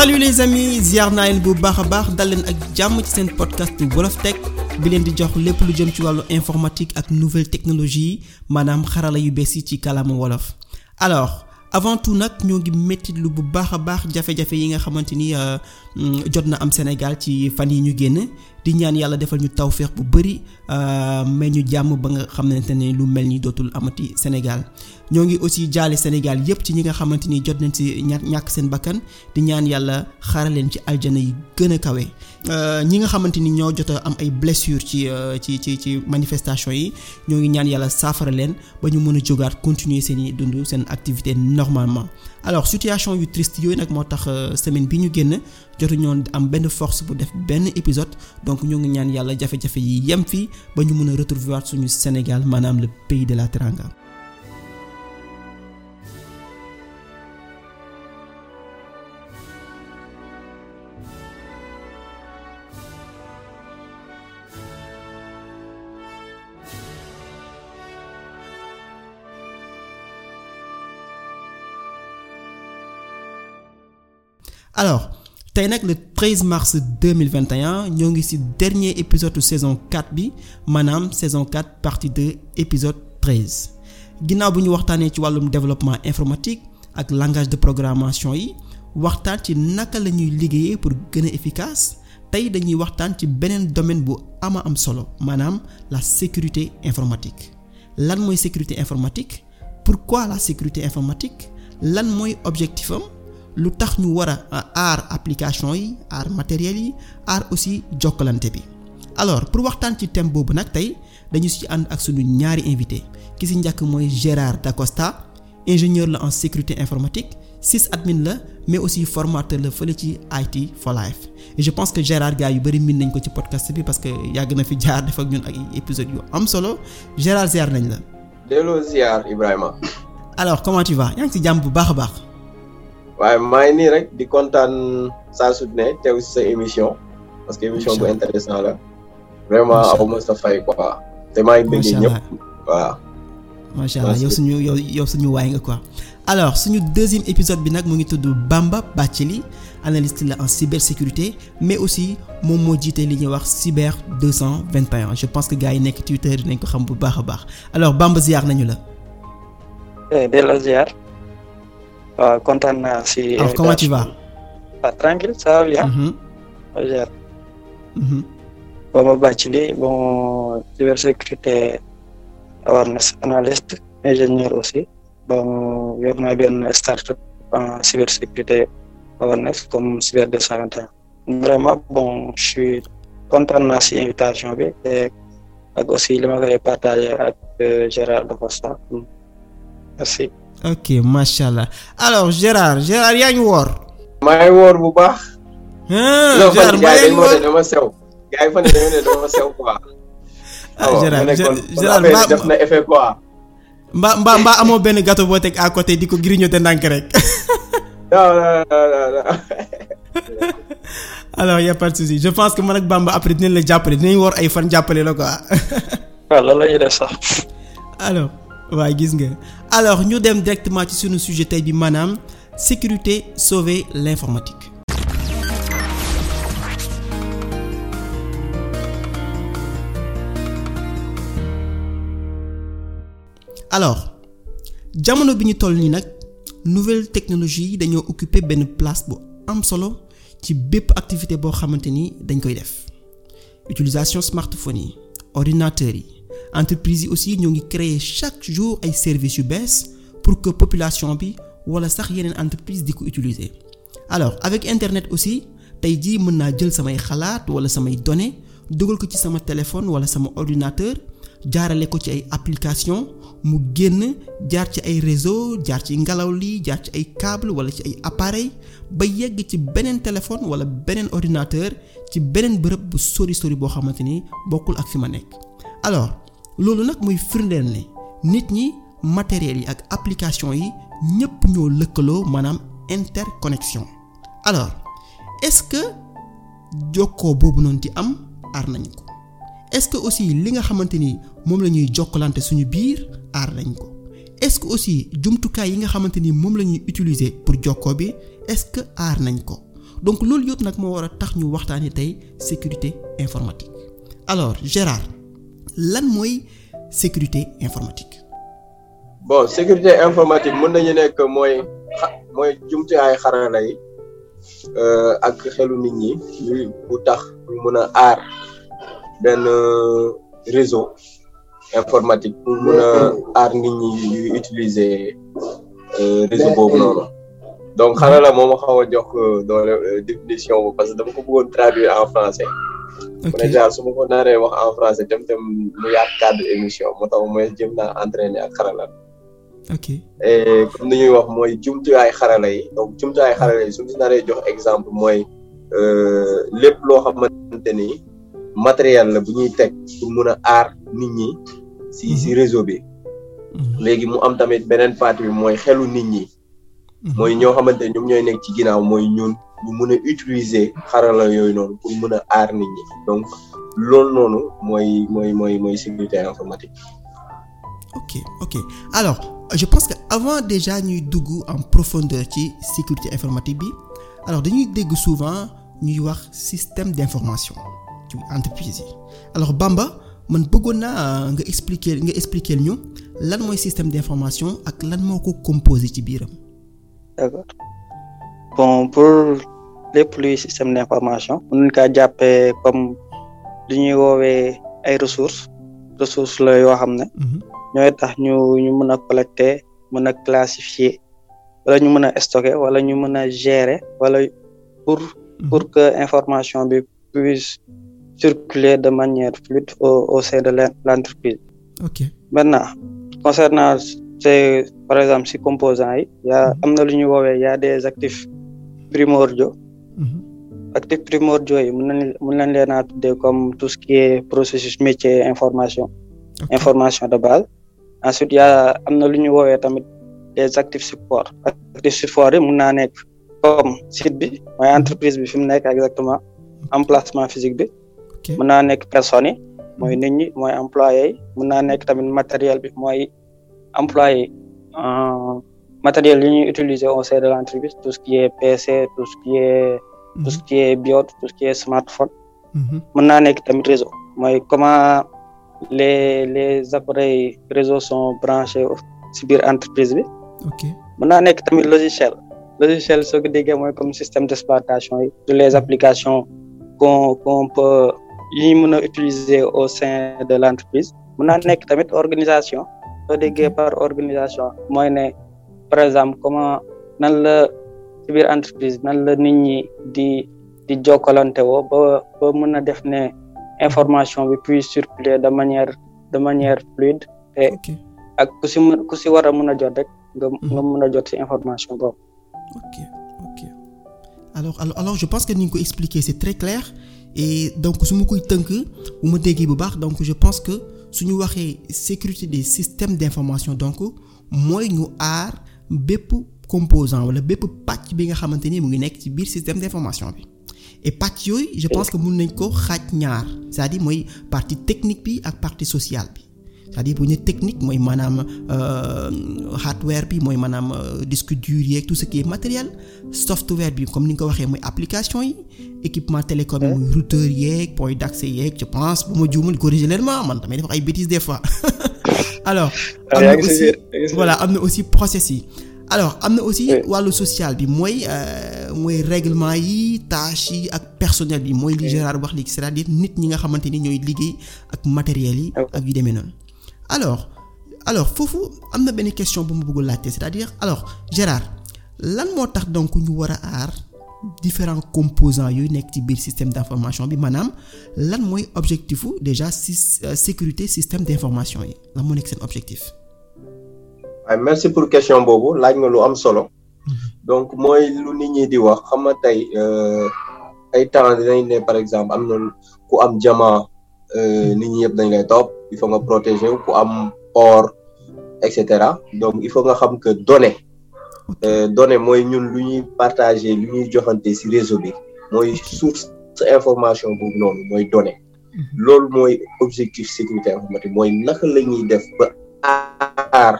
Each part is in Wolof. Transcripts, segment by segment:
salut les amis ziar naa bu baax a baax dal leen ak jàmm ci seen podcast wolof teg bi leen di jox lépp lu jëm ci wàllu informatique ak nouvelle technologie maanaam xarala yu bees yi ci kàllaama wolof alors avant tout nag ñoo ngi lu bu baax a baax jafe-jafe yi nga xamante ni euh, mm, jot na am Sénégal ci fan yi ñu génn di ñaan yàlla defal ñu tawféex bu bëri euh, mais ñu jàmm ba nga xamante ne lu mel ni dootul amati Sénégal ñoo ngi aussi jaale Sénégal yépp ci ñi nga xamante ni jot nañ ci ñàkk seen bàkkan di ñaan yàlla xaaraleen ci aljana yi gën a kawe Euh, ñi nga xamante ni ñoo jot am ay blessures ci euh, ci ci ci manifestation yi ñoo ngi ñaan yàlla saafara leen ba ñu mën a jógaat continuer seen i dund seen activité normalement alors situation yu triste yooyu nag moo tax euh, semaine bi ñu génn jotu ñoon am benn force bu def benn épisode donc ñoo ngi ñaan yàlla jafe-jafe yi yem fii ba ñu mën a retrouver suñu Sénégal maanaam le pays de la Teranga alors tey nag le 13 mars 2021 ñoo ngi ci dernier épisode saison 4 bi maanaam saison 4 partie de épisode 13 ginnaaw bu ñu waxtaanee ci wàllum développement informatique ak langage de programmation yi waxtaan ci naka la ñuy liggéeyee pour gën a tey dañuy waxtaan ci beneen domaine bu ama am solo maanaam la sécurité informatique lan mooy sécurité informatique pourquoi la sécurité informatique lan mooy objectif am lu tax ñu war a aar application yi aar matériel yi aar aussi jokkalante bi alors pour waxtaan ci thème boobu nag tey dañu ci ànd ak suñu ñaari invité ki si njëkk mooy Gérard Dacosta ingénieur la en sécurité informatique sysadmin la mais aussi formateur la fële ci IT for life je pense que Gérard gars yu bëri min nañ ko ci podcast bi parce que yàgg na fi jaar def ak ñun ak épisode yu am solo Gérard ziar nañ la. delloo ziar Ibrahima. alors comment tu vas yaa ngi ci bu baax a baax. waaye maa ngi nii rek di kontaan saa su ne teew si sa émission parce que émission bu intéressant la vraiment aw ma sa fay quoi te maa ngi bëggee ñëpp waa macha allah yow suñu yow yow suñu waay nga quoi alors suñu deuxième épisode bi nag mu ngi tudd Bamba li analyste la en cybersécurité mais aussi moom moo jiite li ñu wax cyber 221 je pense que gars yi nekk Twitter dinañ ko xam bu baax a baax alors Bamba ziar nañu la. Eh, delloo ziar. waaw kontaan naa si. alors comment tu vas. waaw tranquille ça va bien. gère. ba ma bachelier bon cybersécurité awareness ingénieur aussi bon yor naa benn start-up en cybersécurité awareness comme cyber 221. vraiment bon je suis kontaan naa si invitation bi ak aussi li ma koy partagé ak eh, Gérard Dafosa merci. Mm, ok macha allah alors Gérard Gérard yaa ngi woor. maa ngi woor bu baax. Gérard maa ngi woor loolu dama ah, Gérard Gérard maa na effet quoi. mbaa mbaa amoo benn gato boo teg à côté di ko grignoter ndànk rek. non non non non. je pense que man ak Bamba après dinañ la jàppale dinañ woor ay fan jàppale la quoi. waaw ah, loolu la ñuy def sax. waaye gis nga alors ñu dem directement ci sunu sujet tey bi maanaam sécurité sauver l'informatique alors jamono bi ñu toll nii nag nouvelle technologie yi dañoo occuper benn place bu am solo ci bépp activité boo xamante ni dañ koy def utilisation smartphone yi ordinateurs yi entreprise yi aussi ñoo ngi créer chaque jour ay service yu bees pour que population bi wala sax yeneen entreprise di ko utiliser alors avec internet aussi tey jii mën naa jël samay xalaat wala samay données dugal ko ci sama téléphone wala sama ordinateur jaarale ko ci ay application mu génn jaar ci ay réseau jaar ci ngelaw li jaar ci ay câble wala ci ay appareil ba yegg ci beneen téléphone wala beneen ordinateur ci beneen bërëb bu sori sori boo xamante ni bokkul ak fi ma nekk loolu nag muy firndeel ne nit ñi matériel yi ak application yi ñépp ñoo lëkkaloo maanaam interconnexion alors est-ce que jokkoo boobu noonu di am aar nañ ko est-ce que aussi li nga xamante ni moom la ñuy jokkalante suñu biir aar nañ ko est-ce que aussi jumtukaay yi nga xamante ni moom la ñuy utiliser pour jokkoo bi est-ce que aar nañ ko donc loolu yëpp nag moo war a tax ñu waxtaanee tey sécurité informatique alors Gérard lan mooy sécurité informatique. bon sécurité informatique mën nañu nekk mooy mooy ay xarala yi euh, ak xelu nit ñi ñuy bu tax ñu mën a aar benn euh, réseau informatique pour mën a euh, aar nit ñi ñuy utiliser réseau boobu noonu. donc xanaa moom xaw a jox euh, doole euh, définition bu parce que dama ko bëggoon traduire en français. ok déjà su ma ko naree wax en français dem tam mu yaat cadre émission moo tax mooy jëm naa entraîner ak xarala. ok et comme ni ñuy wax mooy jumtuwaay xarala yi donc jumtuwaay xarala yi su ma si jox exemple mooy euh, lépp loo xamante ni matériel la bu ñuy teg pour mun a aar nit ñi si si mhm. réseau bi. Mhm. léegi mu am tamit beneen partie bi mooy xelu nit ñi. mooy ñoo xamante ne ñoom ñooy nekk ci ginnaaw mooy ñoon ñu mën a utiliser xarala yooyu noonu pour mun a aar nit ñi donc loolu noonu mooy mooy mooy mooy sécurité informatique. ok ok alors je pense que avant déjà ñuy dugg en profondeur ci sécurité informatique bi alors dañuy dégg souvent ñuy wax système d'information ci entreprise yi alors Bamba. man bëggoon naa euh, nga expliquer nga expliquer ñu lan mooy système d'information ak lan moo ko composé ci biiram. d'accord bon pour lépp luy système d'information mën nañu kaa jàppee comme lu ñuy woowee ay ressources ressources la yoo xam ne mhm. ñooy tax ñu ñu mën a collecter mën a classifier wala ñu mën a stocker wala ñu mën a gérer wala pour mhm. pour que information bi puisse circuler de manière fluide au au sein de l'entreprise. ok concernant par exemple si composant yi yaa mhm. am na lu ñuy woowee yaa des actifs primordiaux mhm. actifs primordiaux yi mën nañ mën nañ leen a tuddee comme tout ce qui est processus métier information information de base ensuite yaa am na lu ñuy woowee tamit des actifs support actifs support yi mun naa nekk comme site bi mooy mhm. entreprise bi fi mu nekk exactement emplacement physique bi mën naa nekk personnes yi mooy nit ñi mooy employé yi mën naa nekk tamit matériel bi mooy employé Euh, matériel yi ñuy utiliser au sein de l'entreprise tout ce qui est PC tout qui est mhm. tout ce qui est smartphone mhm. mën naa nekk tamit réseau mooy comment les les appareils réseau sont branchés ci biir entreprise bi ok mën naa nekk tamit logiciel logiciel so ko déggee mooy comme système d'exploitation yi les mhm. applications qu'on qu'on peut yi mën utiliser au sein de l'entreprise mën nekk tamit organisation soo déggee par organisation mooy ne par exemple comment nan la ci entreprise nan la nit ñi di di jokkalante woo ba ba a def ne information bi puisse circuler de manière de manière fluide te ak ku si ku si war a mën a jot rek nga mhm. nga mën a jot ci information boobu ok alors alors je pense que ni nga expliquer c'est très clair et donc su ma koy tënk bu ma déggee bu baax donc je pense que su ñu waxee sécurité des systèmes d'information donc mooy ñu aar bépp composant wala bépp pàcc bi nga xamante ni mu ngi nekk ci biir système d'information bi et pàcc yooyu je pense que mun nañ ko xaaj ñaar saa à dire mooy parti technique bi ak parti sociale bi c'est-à-dire bu ñu technique mooy maanaam euh, hardware bi mooy maanaam euh, disque dur yeeg tout ce qui est matériel software bi comme ni nga ko waxee mooy application yi équipement télécom yi mooy routeur yeeg ma juumul corrigé leen man damay def ay bêtises des fois ah, voilà am na aussi process yi alors am na aussi wàllu social bi mooy euh, mooy règlement yi tâches ak personnel bi mooy li Gérard wax léegi nit ñi nga xamante ni ñooy liggéey ak matériel yi ah ak yu demee noonu alors alors foofu am na benn question bu mu bëgg laajte c'est-à-dire alors Gérard lan moo tax donc ñu war a aar différents composant yooyu nekk ci biir système d'information bi maanaam lan mooy objectifu déjà si euh, sécurité système d'information yi lan moo nekk seen objectif. merci pour question boobu laaj nga lu am solo. Mm-hmm. donc mooy lu nit ñi di wax xam nga tey euh, ay temps dinañ ne par exemple am na ku am jamaa Euh, nit ñi yëpp dañ lay topp il faut nga protéger ku am or et cetera donc il faut nga xam que données euh, données mooy ñun lu ñuy partager lu ñuy joxante ci réseau bi mooy source information boobu noonu mooy données mhm. loolu mooy objectif sécurité informatique mooy naka la ñuy def ba aar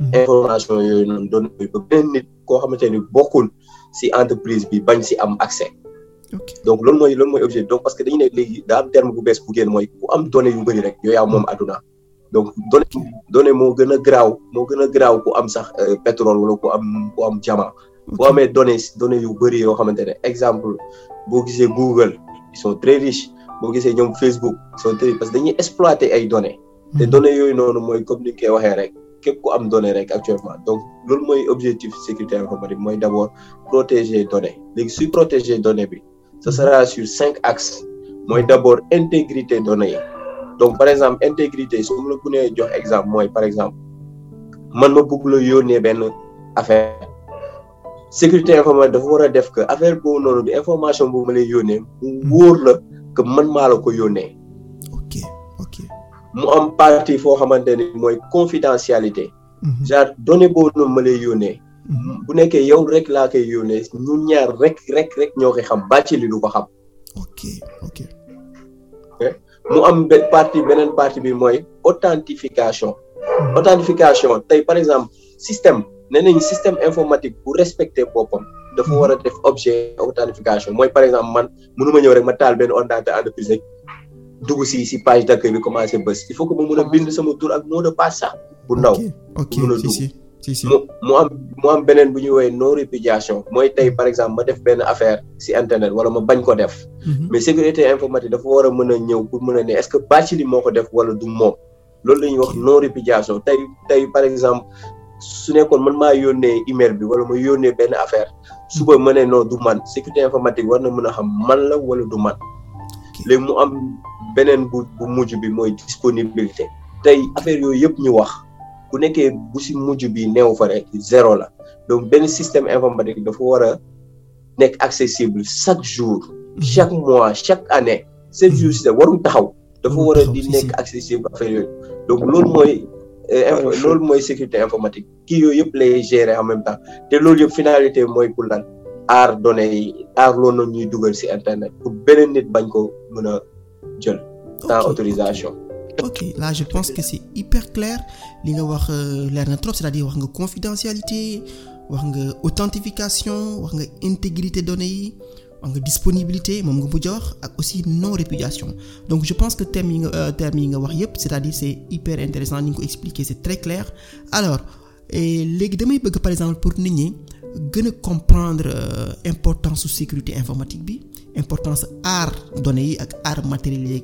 mhm. information yooyu noonu données ba benn nit koo xamante ni bokkul si entreprise bi bañ si am accès donc loolu mooy loolu mooy objet donc parce que dañu ne léegi daa am terme bu bees bu génn mooy ku am données yu bëri rek yow yaa moom adduna donc données données moo gën a garaaw moo gën a ku am sax euh, pétrole wala ku am ku am jama boo amee données données yu bëri yoo xamante ne exemple boo gisee Google ils sont très riches boo gisee ñoom Facebook ils sont très parce que dañuy exploiter ay données te hmm. données yooyu noonu mooy comme ni nga koy waxee rek képp ku am données rek actuellement donc loolu mooy objectif sécurité informatique mooy d'abord protéger données léegi suy protéger données bi ce sera sur cinq axes mooy d'abord intégrité données yi donc par exemple intégrité su ma la ko nee jox exemple mooy par exemple man ma bëgg la yónnee benn affaire sécurité informatique dafa war a def que affaire boobu noonu di information boobu ma lay yónnee mu hmm. wóor la que man maa la ko yónnee. ok mu am partie foo xamante ni mooy confidentialité. Hmm. genre données boobu noonu ma lay yónnee. bu nekkee yow rek laa koy yónnee ñun ñaar rek rek rek ñoo koy xam bàcc li du ko xam. Eh? mu am benn partie beneen parti bi mooy authentification. authentification tey par exemple système nee nañ système informatique bu respecter boppam. dafa war a mhm. def objet authentification mooy par exemple man mënu ma ñëw rek ma taal benn ordinateur entreprise rek dugg si si page d'accueil bi commencé bës il faut que ma mën a ah. bind sama tur ak mot de passe sax bu ndaw. ok si si mu am mu am beneen bu ñuy woowee non répudiation mooy tey par exemple ma def benn affaire si internet wala ma bañ ko def. Mhm. mais sécurité informatique dafa war a mën a ñëw pour mën a ne est-ce que Bathily moo ko def wala du moom loolu la ñuy wax non répudiation tey tey par exemple su nekkoon man maa yónnee email bi wala ma yónnee benn affaire suba ma ne non du man sécurité informatique war na mën a xam man la wala du man léegi mu am beneen bu mujj bi mooy disponibilité tey affaire yooyu yëpp ñu wax. bu nekkee bu si mujj bi neew fa rek la donc benn système informatique dafa war a nekk accessible chaque jour mhm. chaque mois chaque année sept mhm. jours si warul taxaw dafa war a di nekk accessible affaire yooyu donc loolu mooy euh, loolu mooy sécurité informatique kii yooyu yëpp lay gérer en même temps te loolu yëpp finalité mooy pour lan aar données yi aar loolu noonu ñuy dugal si internet pour beneen nit bañ ko mën a jël autorisation ok là je pense que c'est hyper clair li nga wax euh, leer na trop c'est-à-dire wax nga confidentialité wax nga authentification wax nga intégrité données yi wax nga disponibilité moom nga bu a ak aussi non répudiation donc je pense que thème yi nga euh, termes yi nga wax yépp c'est-à-dire c'est hyper intéressant ni nga ko expliquer c'est très clair alors léegi damay bëgg par exemple pour nit ñi gën a comprendre euh, importance su sécurité informatique bi importance aar données yi ak aar matériel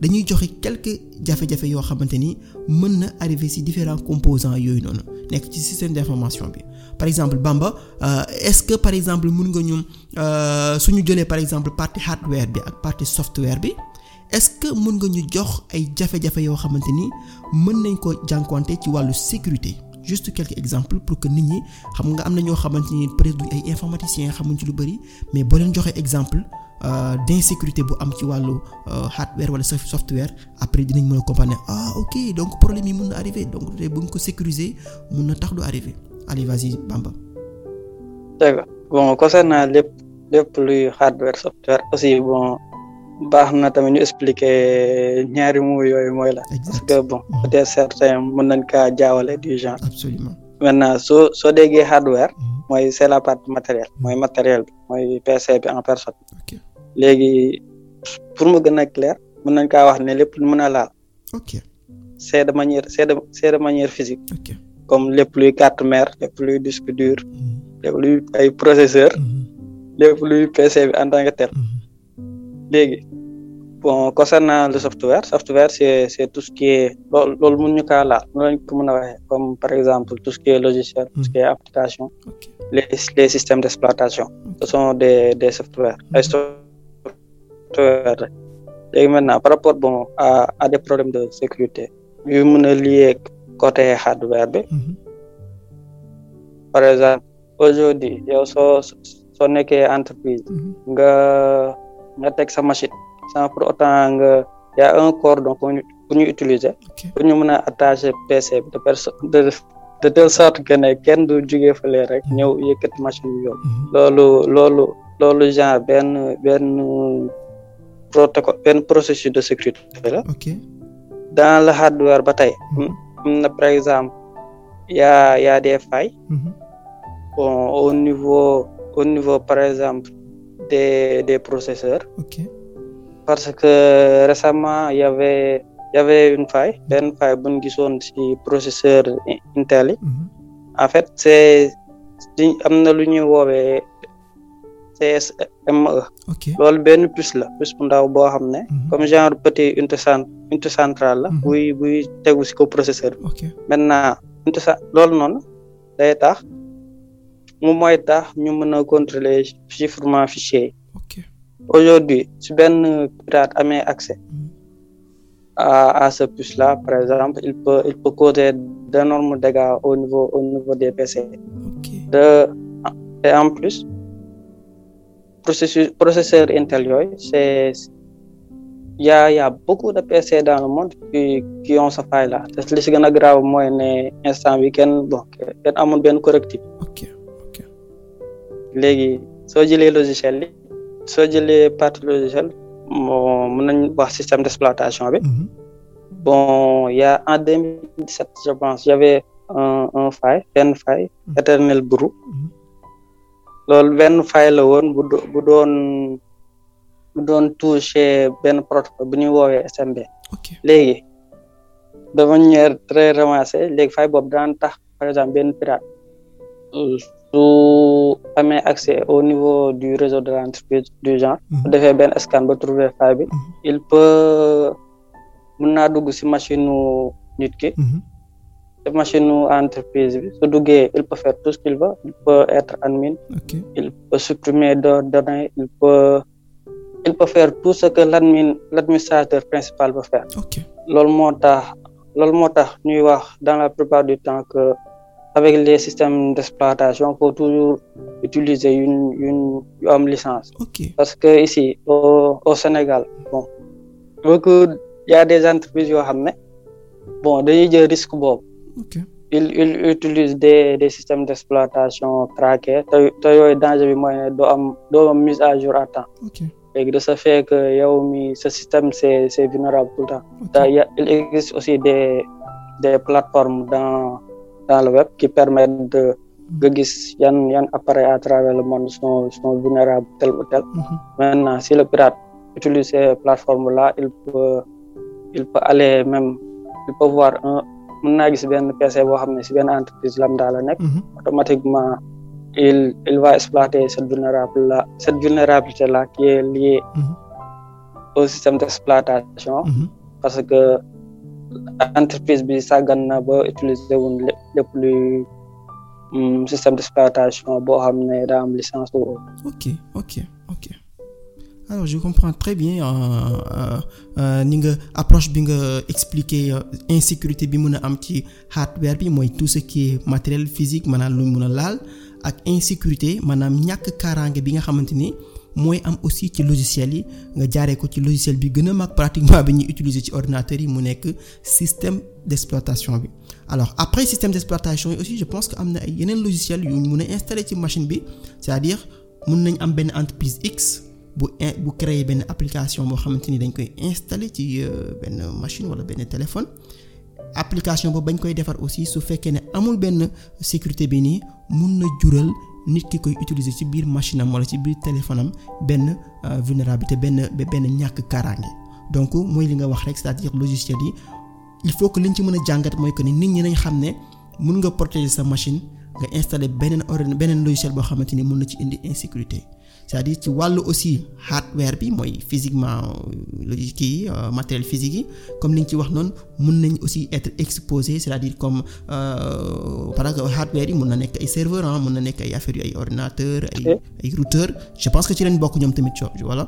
dañuy joxe quelques jafe-jafe yoo xamante ni mën na arriver ci différents yooyu noonu nekk ci système d'information bi par exemple Bamba euh, est-ce que par exemple mën nga ñu euh, suñu jëlee par exemple partie hardware bi ak partie software bi est-ce que mën nga ñu jox ay jafe yoo xamante ni mën nañ ko jànkuwante ci wàllu sécurité juste quelques exemple pour que nit ñi xam nga am na ñoo xamante ni peut-être duñ ay informaticiens xamuñ ci lu bari mais boo joxee exemple. Euh, d'insécurité bu am ci wàllu euh, hardware wala software après dinañ mën a comprendre ah ok donc problème yi mën na arriver donc te bu ko sécuriser mën na tax du arriver allez vas-y Bamba. dëgg bon concernant lépp lépp luy hardware software aussi bon baax na tamit ñu expliquer ñaari mots yooyu mooy la. parce que bon mm-hmm. peut-être certains mën nañ kaa jaawale du genre. absolument maintenant soo soo déggee hardware. Mm-hmm. mooy c'est la partie matériel mooy matériel bi mooy PC bi en personne. léegi pour mu gën a clair mën nañ kaa wax ne lépp lu mën a laal. ok c'est de manière c'est de c'est manière physique. comme lépp luy carte mère lépp luy disque dur. Mm-hmm. lépp ay processeur. Mm-hmm. lépp luy PC bi en tant que tel. Mm-hmm. léegi bon concernant le software software c'est c'est tout ce qui est loolu loolu mën ñu kaa laal noonu lañ ko mën a waxee comme par exemple tout ce qui est logiciel. tout ce qui est application. Okay. les systèmes d'exploitation. ce des des softwares extravert rek léegi maintenant par rapport bon à à des problèmes de sécurité yo mën a lié côté hardware bi mhm. par exemple aujourd'hui yow soo soo nekkee entreprise mhm. nga nga teg sa machine sans pour autant nga y en un cordon pour ñu utiliser pour ñu mën a attacher PC bi de personne de de telle sorte que ne kenn rek mhm. ñëw yëkkati machine bi yow loolu benn benn protocole benn processus de sécurité la. dans le hardware ba tey. am mhm. na par exemple y a y mhm. au niveau au niveau par exemple des des processeurs. parce que récemment y avait y avait une faille mhm. benn faille bu ñu en fait c'est am na lu ñuy woowee. CSME. loolu benn puce la puce bu ndaw boo xam ne. Mhm. comme genre petit unité cent unité centrale la. Mhm. buy buy tegu si ko processeur bi. ok maintenant unité cent loolu noonu tax mu mooy tax ñu mën a contrôler chiffrement fichier aujourd'hui si benn pirate amee accès. Mhm. à à ce puce là par exemple il peut causer d'énormes dégâts au niveau niveau des PC. ok de en plus. processus processeur Intel yooyu c'est ya a y a beaucoup de PC dans le monde qui qui sa faille là te a grave mooy ne instant bi kenn bon kenn amul benn correctif. ok ok léegi soo jëlee logiciel li soo jëlee partie logiciel moo mën nañ wax système d'exploitation bi. Mhm. bon ya en 2017 je pense y avait un un faille benn faille mhm. Eternal Brew. Mhm. loolu benn file la woon bu bu doon bu doon touché benn protocole bu ñuy woowee SMB. léegi de manière très ramassé léegi file boobu daan tax par exemple benn pirate su amee accès au niveau du réseau de l'entreprise du genre. Mhm. bu defee benn scan ba trouver file bi. Mhm. il peut mun naa dugg si machine nit ki. Mhm. machine entreprise bi su duggee il peut faire tout ce qu'il veut il peut être admin il peut supprimer de données il peut il peut faire tout ce que l'admin l'administrateur principal peut faire okay. moo tax loolu ñuy wax dans la plupart du temps que avec les systèmes d'exploitation faut toujours utiliser une une licence parce que ici au, Sénégal bon il y a des entreprises yoo xam ne bon dañuy jël risque boobu Okay. il utilise des des systèmes d' exploitation craqués te te yooyu danger bi mooy ne am doo à jour à temps. Okay. de ce fait que yow mi ce système c' est c' vulnérable tout il existe aussi des des plateformes dans dans le web qui permettent de hmm. nga gis yan yan appareil à travers le monde sont sont tel ou tel. Mm si le pirate utilise ces plateformes là il peut il peut aller même il peut voir mën naa si benn PC boo xam ne si benn entreprise lambda la nekk. Mhm. automatiquement il il va exploiter cette vulnérable là cette vulnérabilité là qui est mhm. au système d'exploitation. Mhm. parce que entreprise bi sàggan na ba utiliser wuñ lépp luy mm, système d'exploitation boo xam ne daa am licence. ok ok. alors je comprends très bien euh, euh, euh, ni nga approche bi nga expliquer insécurité bi mun a am ci hardware bi mooy tout ce qui est matériel physique maanaam lu mun a laal ak insécurité maanaam ñàkk kaaraange bi nga xamante ni mooy am aussi ci logiciel yi nga jaaree ko ci logiciel bi gën a mag pratiquement bi ñuy utiliser ci ordinateur yi mu nekk système d'exploitation bi alors après système d'exploitation yi aussi je pense que am na ay yeneen logiciel yu mun a installer ci machine bi cest à nañ am benn entreprise X bu in bu créer benn application boo xamante ni dañ koy installer ci euh, benn machine wala benn téléphone application boobu bañ koy defar aussi su fekkee ne amul benn sécurité bi nii mun na jural nit ki koy utiliser ci biir machine am wala ci biir téléphone am benn euh, vulnérabilité benn benn ñàkk kaaraange donc mooy li nga wax rek cest à logiciel yi il faut que liñ ci mën a jàngat mooy que ni nit ñi nañ xam ne mun nga protéger sa machine nga installer beneen ordinateur beneen logiciel boo xamante ni mun na ci indi insécurité. cest a dire ci wàllu aussi hardware bi mooy physiquement euh, logique yi euh, matériel physique yi comme li nga ci wax noonu mun nañ aussi être exposé c'est-à-dire comme euh, par exemple hardware yi mun na nekk ay serveur ah, mun na nekk ay affaires yu ay ordinateur ay routeur je pense que ci leen bokk ñoom tamit coono voilà.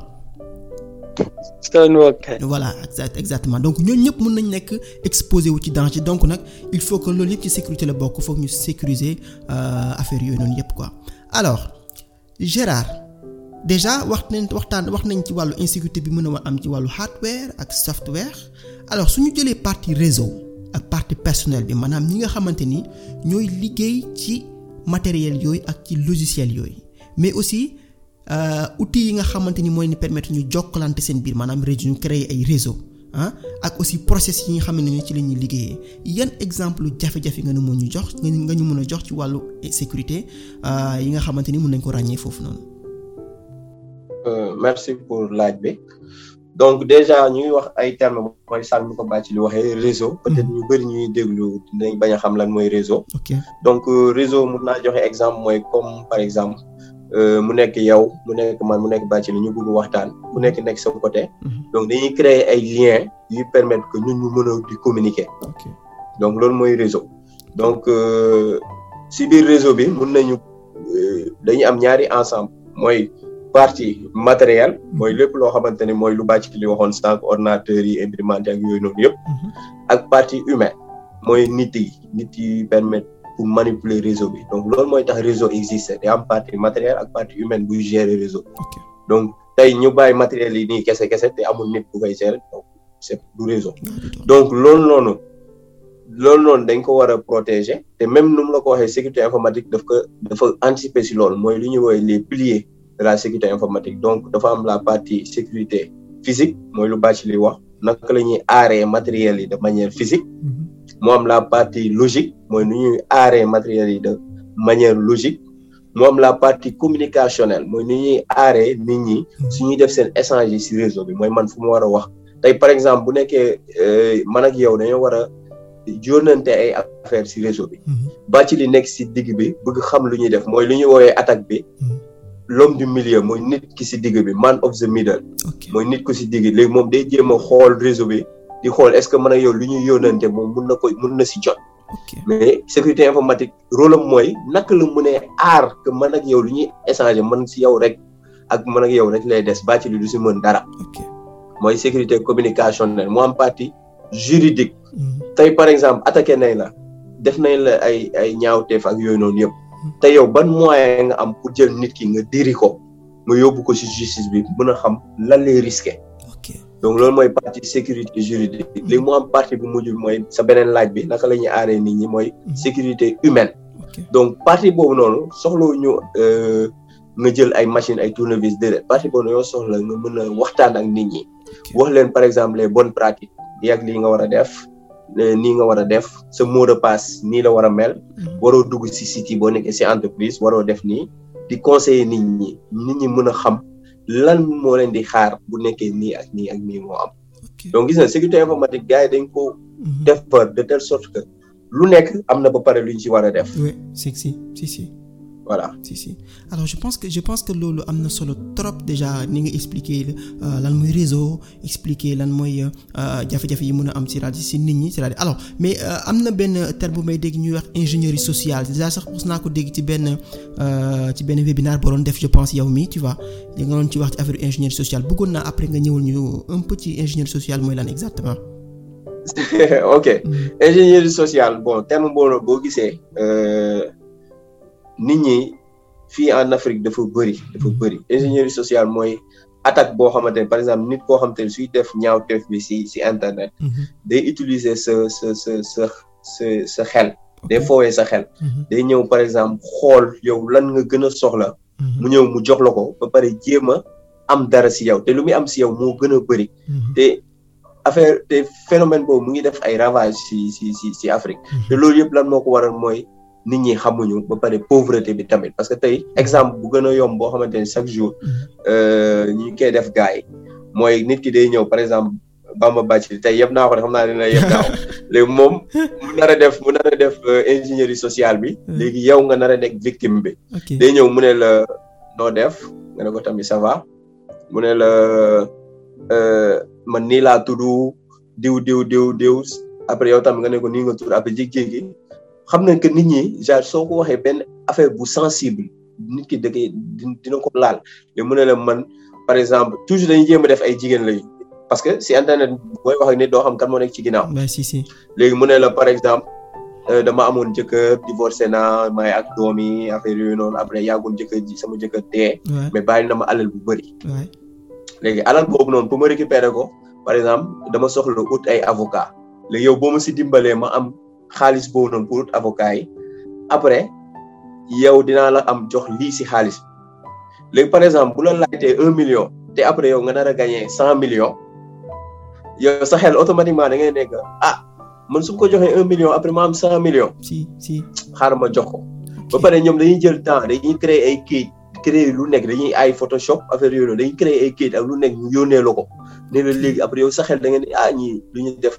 voilà exactement donc ñooñu ñëpp mën nañ nekk exposé wu ci danger donc nag il faut que loolu yëpp ci sécurité la bokk foog ñu sécuriser affaire yooyu yëpp quoi alors déjà wax nañ waxtaan wax nañ ci wàllu insécurité bi mën a am ci wàllu hardware ak software alors su ñu jëlee parti réseau ak parti personnel bi maanaam ñi nga xamante ni ñooy liggéey ci matériel yooyu ak ci logiciel yooyu mais aussi euh, outils yi nga xamante ni mooy ni permettre ñu jokkalante seen biir maanaam réseau ñu créer ay réseau ah ak aussi process yi nga xamante ne ci la ñuy liggéeyee yan exemple jafe-jafe nga ñu mën ñu jox nga ñu mën a jox ci wàllu sécurité euh, yi nga xamante ni mën nañ ko ràññee foofu noonu. Euh, merci pour laaj bi donc déjà ñuy wax ay termes mooy sànq ñu ko bàcc li waxee réseau. Hmm. peut-être ñu bëri ñuy déglu dinañ bañ a xam lan mooy réseau. donc euh, réseau mun naa joxe exemple mooy comme par exemple euh, mu nekk yow mu nekk man mu nekk bàcc li ñu bëgg waxtaan mu nekk nekk sa côté. Hmm. donc dañuy créer ay liens yuy permettre que ñun ñu mën di communiquer. donc loolu mooy réseau. donc si biir réseau bi mun nañu dañuy am ñaari ensemble mooy. parti matériel mooy lépp loo xamante ne mooy lu bàcc li waxoon sànq ordinateurs yi imprimante ak yooyu noonu yëpp mhm. ak parti humaine mooy nit yi nit yi permettre pour manipuler réseau bi donc loolu mooy tax réseau existe day am partie matériel ak partie humaine buy gérer réseau donc tey ñu bàyyi matériel yi nii kese kese te amul nit bu koy gérer donc c'est du réseau donc loolu noonu loolu noonu dañ ko war a protéger te même nu mu la ko waxee sécurité informatique daf ko dafa anticiper si loolu mooy li ñuy woowee les piliers de la sécurité informatique donc dafa am la partie sécurité physique mooy lu bàcc li wax naka la ñuy aaree matériels yi de manière physique mhm. mu am la partie logique mooy nu ñuy aaree matériels yi de manière logique mu am la partie communicationnelle mooy nu ñuy aaree nit ñi mhm. su ñuy def seen échange yi si réseau bi mooy man fu mu war a wax tey par exemple bu nekkee euh, man manak yow dañoo war a jóonante ay affaire si réseau bi mhm. bàcc nekk si digg bi bëgg xam lu ñuy def mooy bi l'homme du milieu mooy nit ki si digg bi man of the middle. mooy nit ko si digg léegi moom day jéem xool réseau bi di xool est-ce que mën a yow lu ñuy yónnante moom mun na mun na si jot. mais sécurité informatique rôle am mooy naka la mënee aar que man ak yow lu ñuy échanger man si yow rek ak man ak yow rek lay des bàcc li du si mën dara. mooy sécurité communication ne mu am partie juridique. Mhm. tey par exemple attaqué nañ la def nañ la ay ay ñaawteef ak yooyu noonu yëpp. te yow ban moyen nga am pour jël nit ki nga diri ko nga yóbbu ko ci justice bi mën a xam lan lay risqué. donc loolu mooy partie sécurité juridique léegi mu am partie bu mujj bi mooy sa beneen laaj bi naka la ñuy aaree nit ñi mooy mhm. sécurité humaine. donc partie boobu noonu soxlawu ñu euh, nga jël ay machine ay tournevis déedéet partie boobu dañoo soxla nga mën a waxtaan ak nit ñi. wax leen par exemple les bonnes pratiques yi ak lii nga war a def. nii nga war a def sa mot de passe nii la war a mel. Mm-hmm. waroo dugg si si site boo nekkee si entreprise waroo def nii di conseiller nit ñi nit ñi mën a xam lan moo leen di xaar bu nekkee nii ak nii ak nii moo am. donc gis na sécurité informatique gars yi dañ ko mm-hmm. def de telle sort que lu nekk am na ba pare lu ñu si war a def. oui si voilà. si si alors je pense que je pense que loolu am na solo trop déjà ni nga expliquer euh, lan mooy réseau expliquer lan mooy euh, jafe-jafe yi mun a am si rajo si nit ñi si rajo alors mais euh, am na benn terme bu may dégg ñuy wax ingénierie social déjà sax mos naa ko dégg ci benn ci benn webinaire boo def je pense yow mi tu vois da nga doon ci wax ci affaire ingénierie social bëggoon naa après nga ñëwal ñu un peu ci ingénierie sociale mooy lan exactement. ok mm. ingénierie sociale bon boo boo nit ñi fii en Afrique dafa bëri dafa mm-hmm. bëri ingénierie sociale mooy attaque boo xamante ne par exemple nit koo xamante ne suy def ñaawteef bi si si internet. Mm-hmm. day utiliser sa sa sa sa sa sa xel. day foowee sa xel. Mm-hmm. day ñëw par exemple xool yow lan nga gën a soxla. mu ñëw mu jox la ko ba pare jéem a am dara si yow te lu muy am si yow moo gën a bëri. te affaire te phénomène boobu mu ngi def ay ravage si si si si Afrique. te loolu yëpp lan moo ko waral mooy. nit ñi xamuñu ba pare pauvreté bi tamit parce que tey exemple bu gën a yomb boo xamante ni chaque jour mhm. euh, ñu koy def gars yi mooy nit ki day ñëw par exemple Bamba Bathily tey yëpp naa ko xam naa dina yëpp naa ko léegi moom mu def a def mu nar euh, sociale bi mhm. léegi yow nga nar a nekk victime bi day ñëw mu la noo def nga ne ko tamit ça mu ne la euh, man nii laa tudd diw diw diw diw après yow tamit nga ne ko nii nga tudd après jékki-jékki xam nañ que nit ñi genre soo ko waxee benn affaire bu sensible nit ki dëggee dina ko laal mu ne la man par exemple toujours dañuy jéem a def ay jigéen lañu parce que si internet booy wax ak nit doo xam kan moo nekk ci ginnaaw. si si léegi mu la par exemple euh, dama amoon jëkkër divorcé naa may ak doom yi affaire yooyu noonu après yàggul jëkkër ji sama jëkkër tee. mais bàyyi na ma alal bu bëri. léegi alal boobu noonu pour ma récupérer ko par exemple dama soxla ut ay avocat léegi yow boo ma si dimbalee ma am. xaalis boobu noonu pour avocat yi après yow dinaa la am jox lii si xaalis bi par exemple bu la laajtee un million te après yow nga na a gagné cent million yow sa xel automatiquement da ngay nekk ah man su ko joxee un million après ma am cent millions. si si xaaral ma jox ko. ba pare ñoom dañuy jël temps dañuy créer ay kayit créer lu nekk dañuy ay photoshop affaire yooyu dañuy créer ay kayit ak lu nekk ñu yónnee la ko ne léegi après yow sa xel da ngeen ah ñii lu ñu def.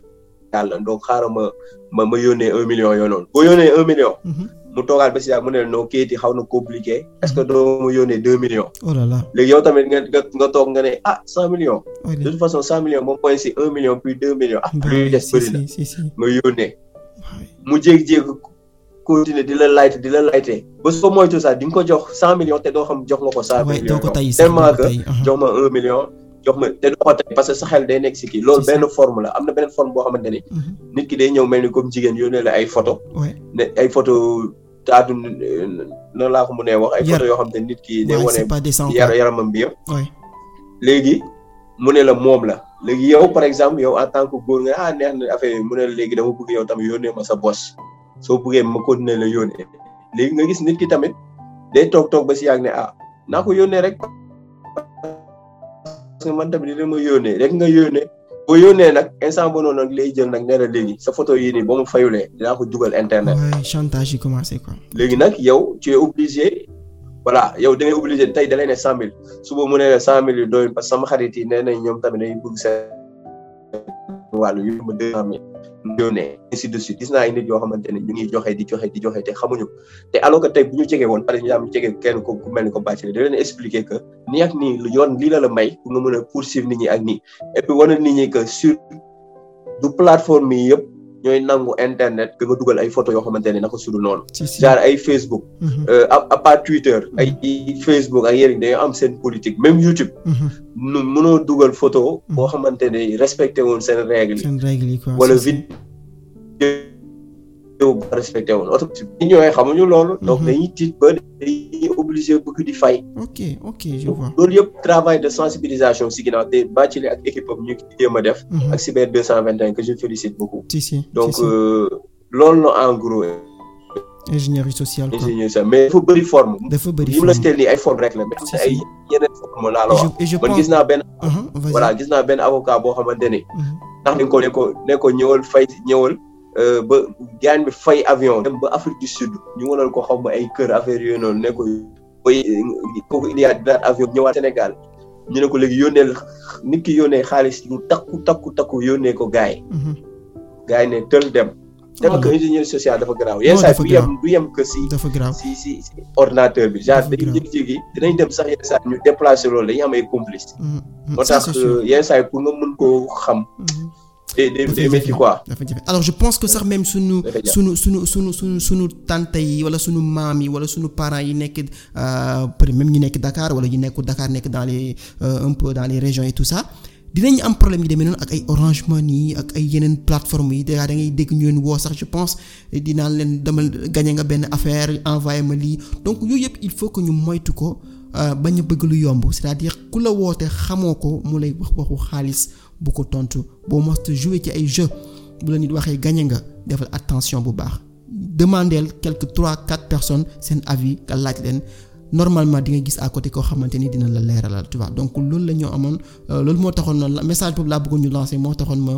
donc xaaral ma ma ma yónnee un million yoo noonu boo yónnee un million. Mhm. mu toogaat ba si yàgg mu ne noo kayit yi xaw na compliqué mhm. est-ce que doo ma deux millions. oh là tamit nga nga toog nga ah, cent millions. de toute façon cent millions moom mooy un million puis deux millions. ah lu des bëri na ma yónnee. mu di la layte di la layte ba soo moytu sax di nga ko jox cent millions te doo xam cent millions. waaye doo ko tey tellement uh-huh. million. jox ma te parce que sa xel day nekk si ki loolu benn forme la am na beneen forme boo xamante ne mm-hmm. nit ki day ñëw mel ni comme jigéen yónnee la ay photo ne ay photo taatu noonu ko mënee wax ay photo yoo xamante ne nit ki day wane yar yaramam bi yëpp léegi mu ne la moom la léegi yow par exemple yow en tant que góor nga ah neex na mu la léegi dama bëgg yo tamit yónnee ma sa bos soo bëggee ma continuer la yónnee léegi nga gis nit ki tamit day toog toog ba si yàgg ne ah naa ko rek que man tamit dina ma yónnee rek nga yónnee boo yónnee nag instant boobu noonu nag lay jël nag nee na léegi sa photo yii nii boo ma fayulee dinaa jugal dugal internet. chantage yi commencé quoi. léegi nag yow tu es obligé voilà yow da ngay obligé tey da lay ne cent mille suba mu ne la cent mille yu parce que sama xarit yi nee nañ ñoom tamit dañuy bëgg seen wàllu yi ma deux cent yónnee ainsi de suite gis naa ay nit yoo xamante ne ñu ngi joxe di joxe di joxe te xamuñu te alors que tey bu ñu jege woon par exemple jege kenn ku mel ni ko bàccale da leen expliquer que nii ak nii lu yoon lii la la may pour nga mën a poursuivre nit ñi ak nii et puis wane ni ñi que sur du plateforme yi yëpp ñooy nangu internet bi nga dugal ay photo yoo xamante ne naka sudul noonu genre ay Facebook mhm. euh, à part Twitter mhm. ay Facebook ak yéen dañoo am seen politique même YouTube mhm. nu mënoo dugal photo boo xamante ne respecté woon seen règle yi wala vidéo wu ba respecté woon autopsie bi ñëwee xamuñu loolu. donc mhm. dañuy tiit ba dañuy obligé bëgg di fay. ok ok loolu yëpp travail de sensibilisation si ginnaaw te Bathily ak équipe am ñu ngi jéem a def. Mhm. ak cyber 221 que je félicite beaucoup. si si donc euh, loolu la en gros. ingénierie sociale quoi mais dafa bari forme. dafa bëri forme ay forme rek la mais ay yeneen forme laa la wax. man gis benn. Mhm, voilà gis naa benn avocat boo xamante ne. ni ko ne ko ne ko ñëwal fay ñëwal. Euh, ba gaan bi fay avion dem ba Afrique du Sud ñu wanal ko xaw ma ay kër affaire yooyu noonu ne ko kooku indiwaat dinaat avion ñëwaat Sénégal ñu ne ko léegi yónneel nit ki yónnee xaalis lu takku takku takku yónnee ko gars yi mhm. gars ne tël dem dama ah. ko ingénieur social dafa garaaw yenn saa yi du yem du yem que si si ordinateur bi genre dañu jékki-jékki dinañ dem sax yenn saa ñu déplacé loolu dañuy am ay complice mm, mm, moo tax yenn saa yi pour nga mën koo xam mm-hmm. dafa jafe alors je pense que sax même suñu suñu suñu suñu suñu suñu tante yi wala suñu maam yi wala suñu parent yi nekk euh, peut-être même ñu nekk Dakar wala ñu nekku Dakar nekk dans les euh, un peu dans les régions et tout dinañ am problème yi demee ak ay Orange Money ak ay yeneen plateforme yi déjà da ngay dégg ñu leen woo sax je pense dinaa leen dama gagné nga benn affaire envoyé ma lii donc yooyu yëpp il faut que ñu moytu ko euh, bañ a bëgg lu yomb c'est-à-dire ku la woote xamoo ko mu lay wax waxu xaalis bu ko tontu boo mosta jouer ci ay jeu bu la nit waxee gañe nga defal attention bu baax demandeel quelque trois quatre personnes seen avis nga laaj leen normalement di gis à côté koo xamante ni dina la leeralal tu vois donc loolu la ñoo amoon euh, loolu moo taxoon noonu message boobu laa bëggoon ñu lancer moo taxoon ma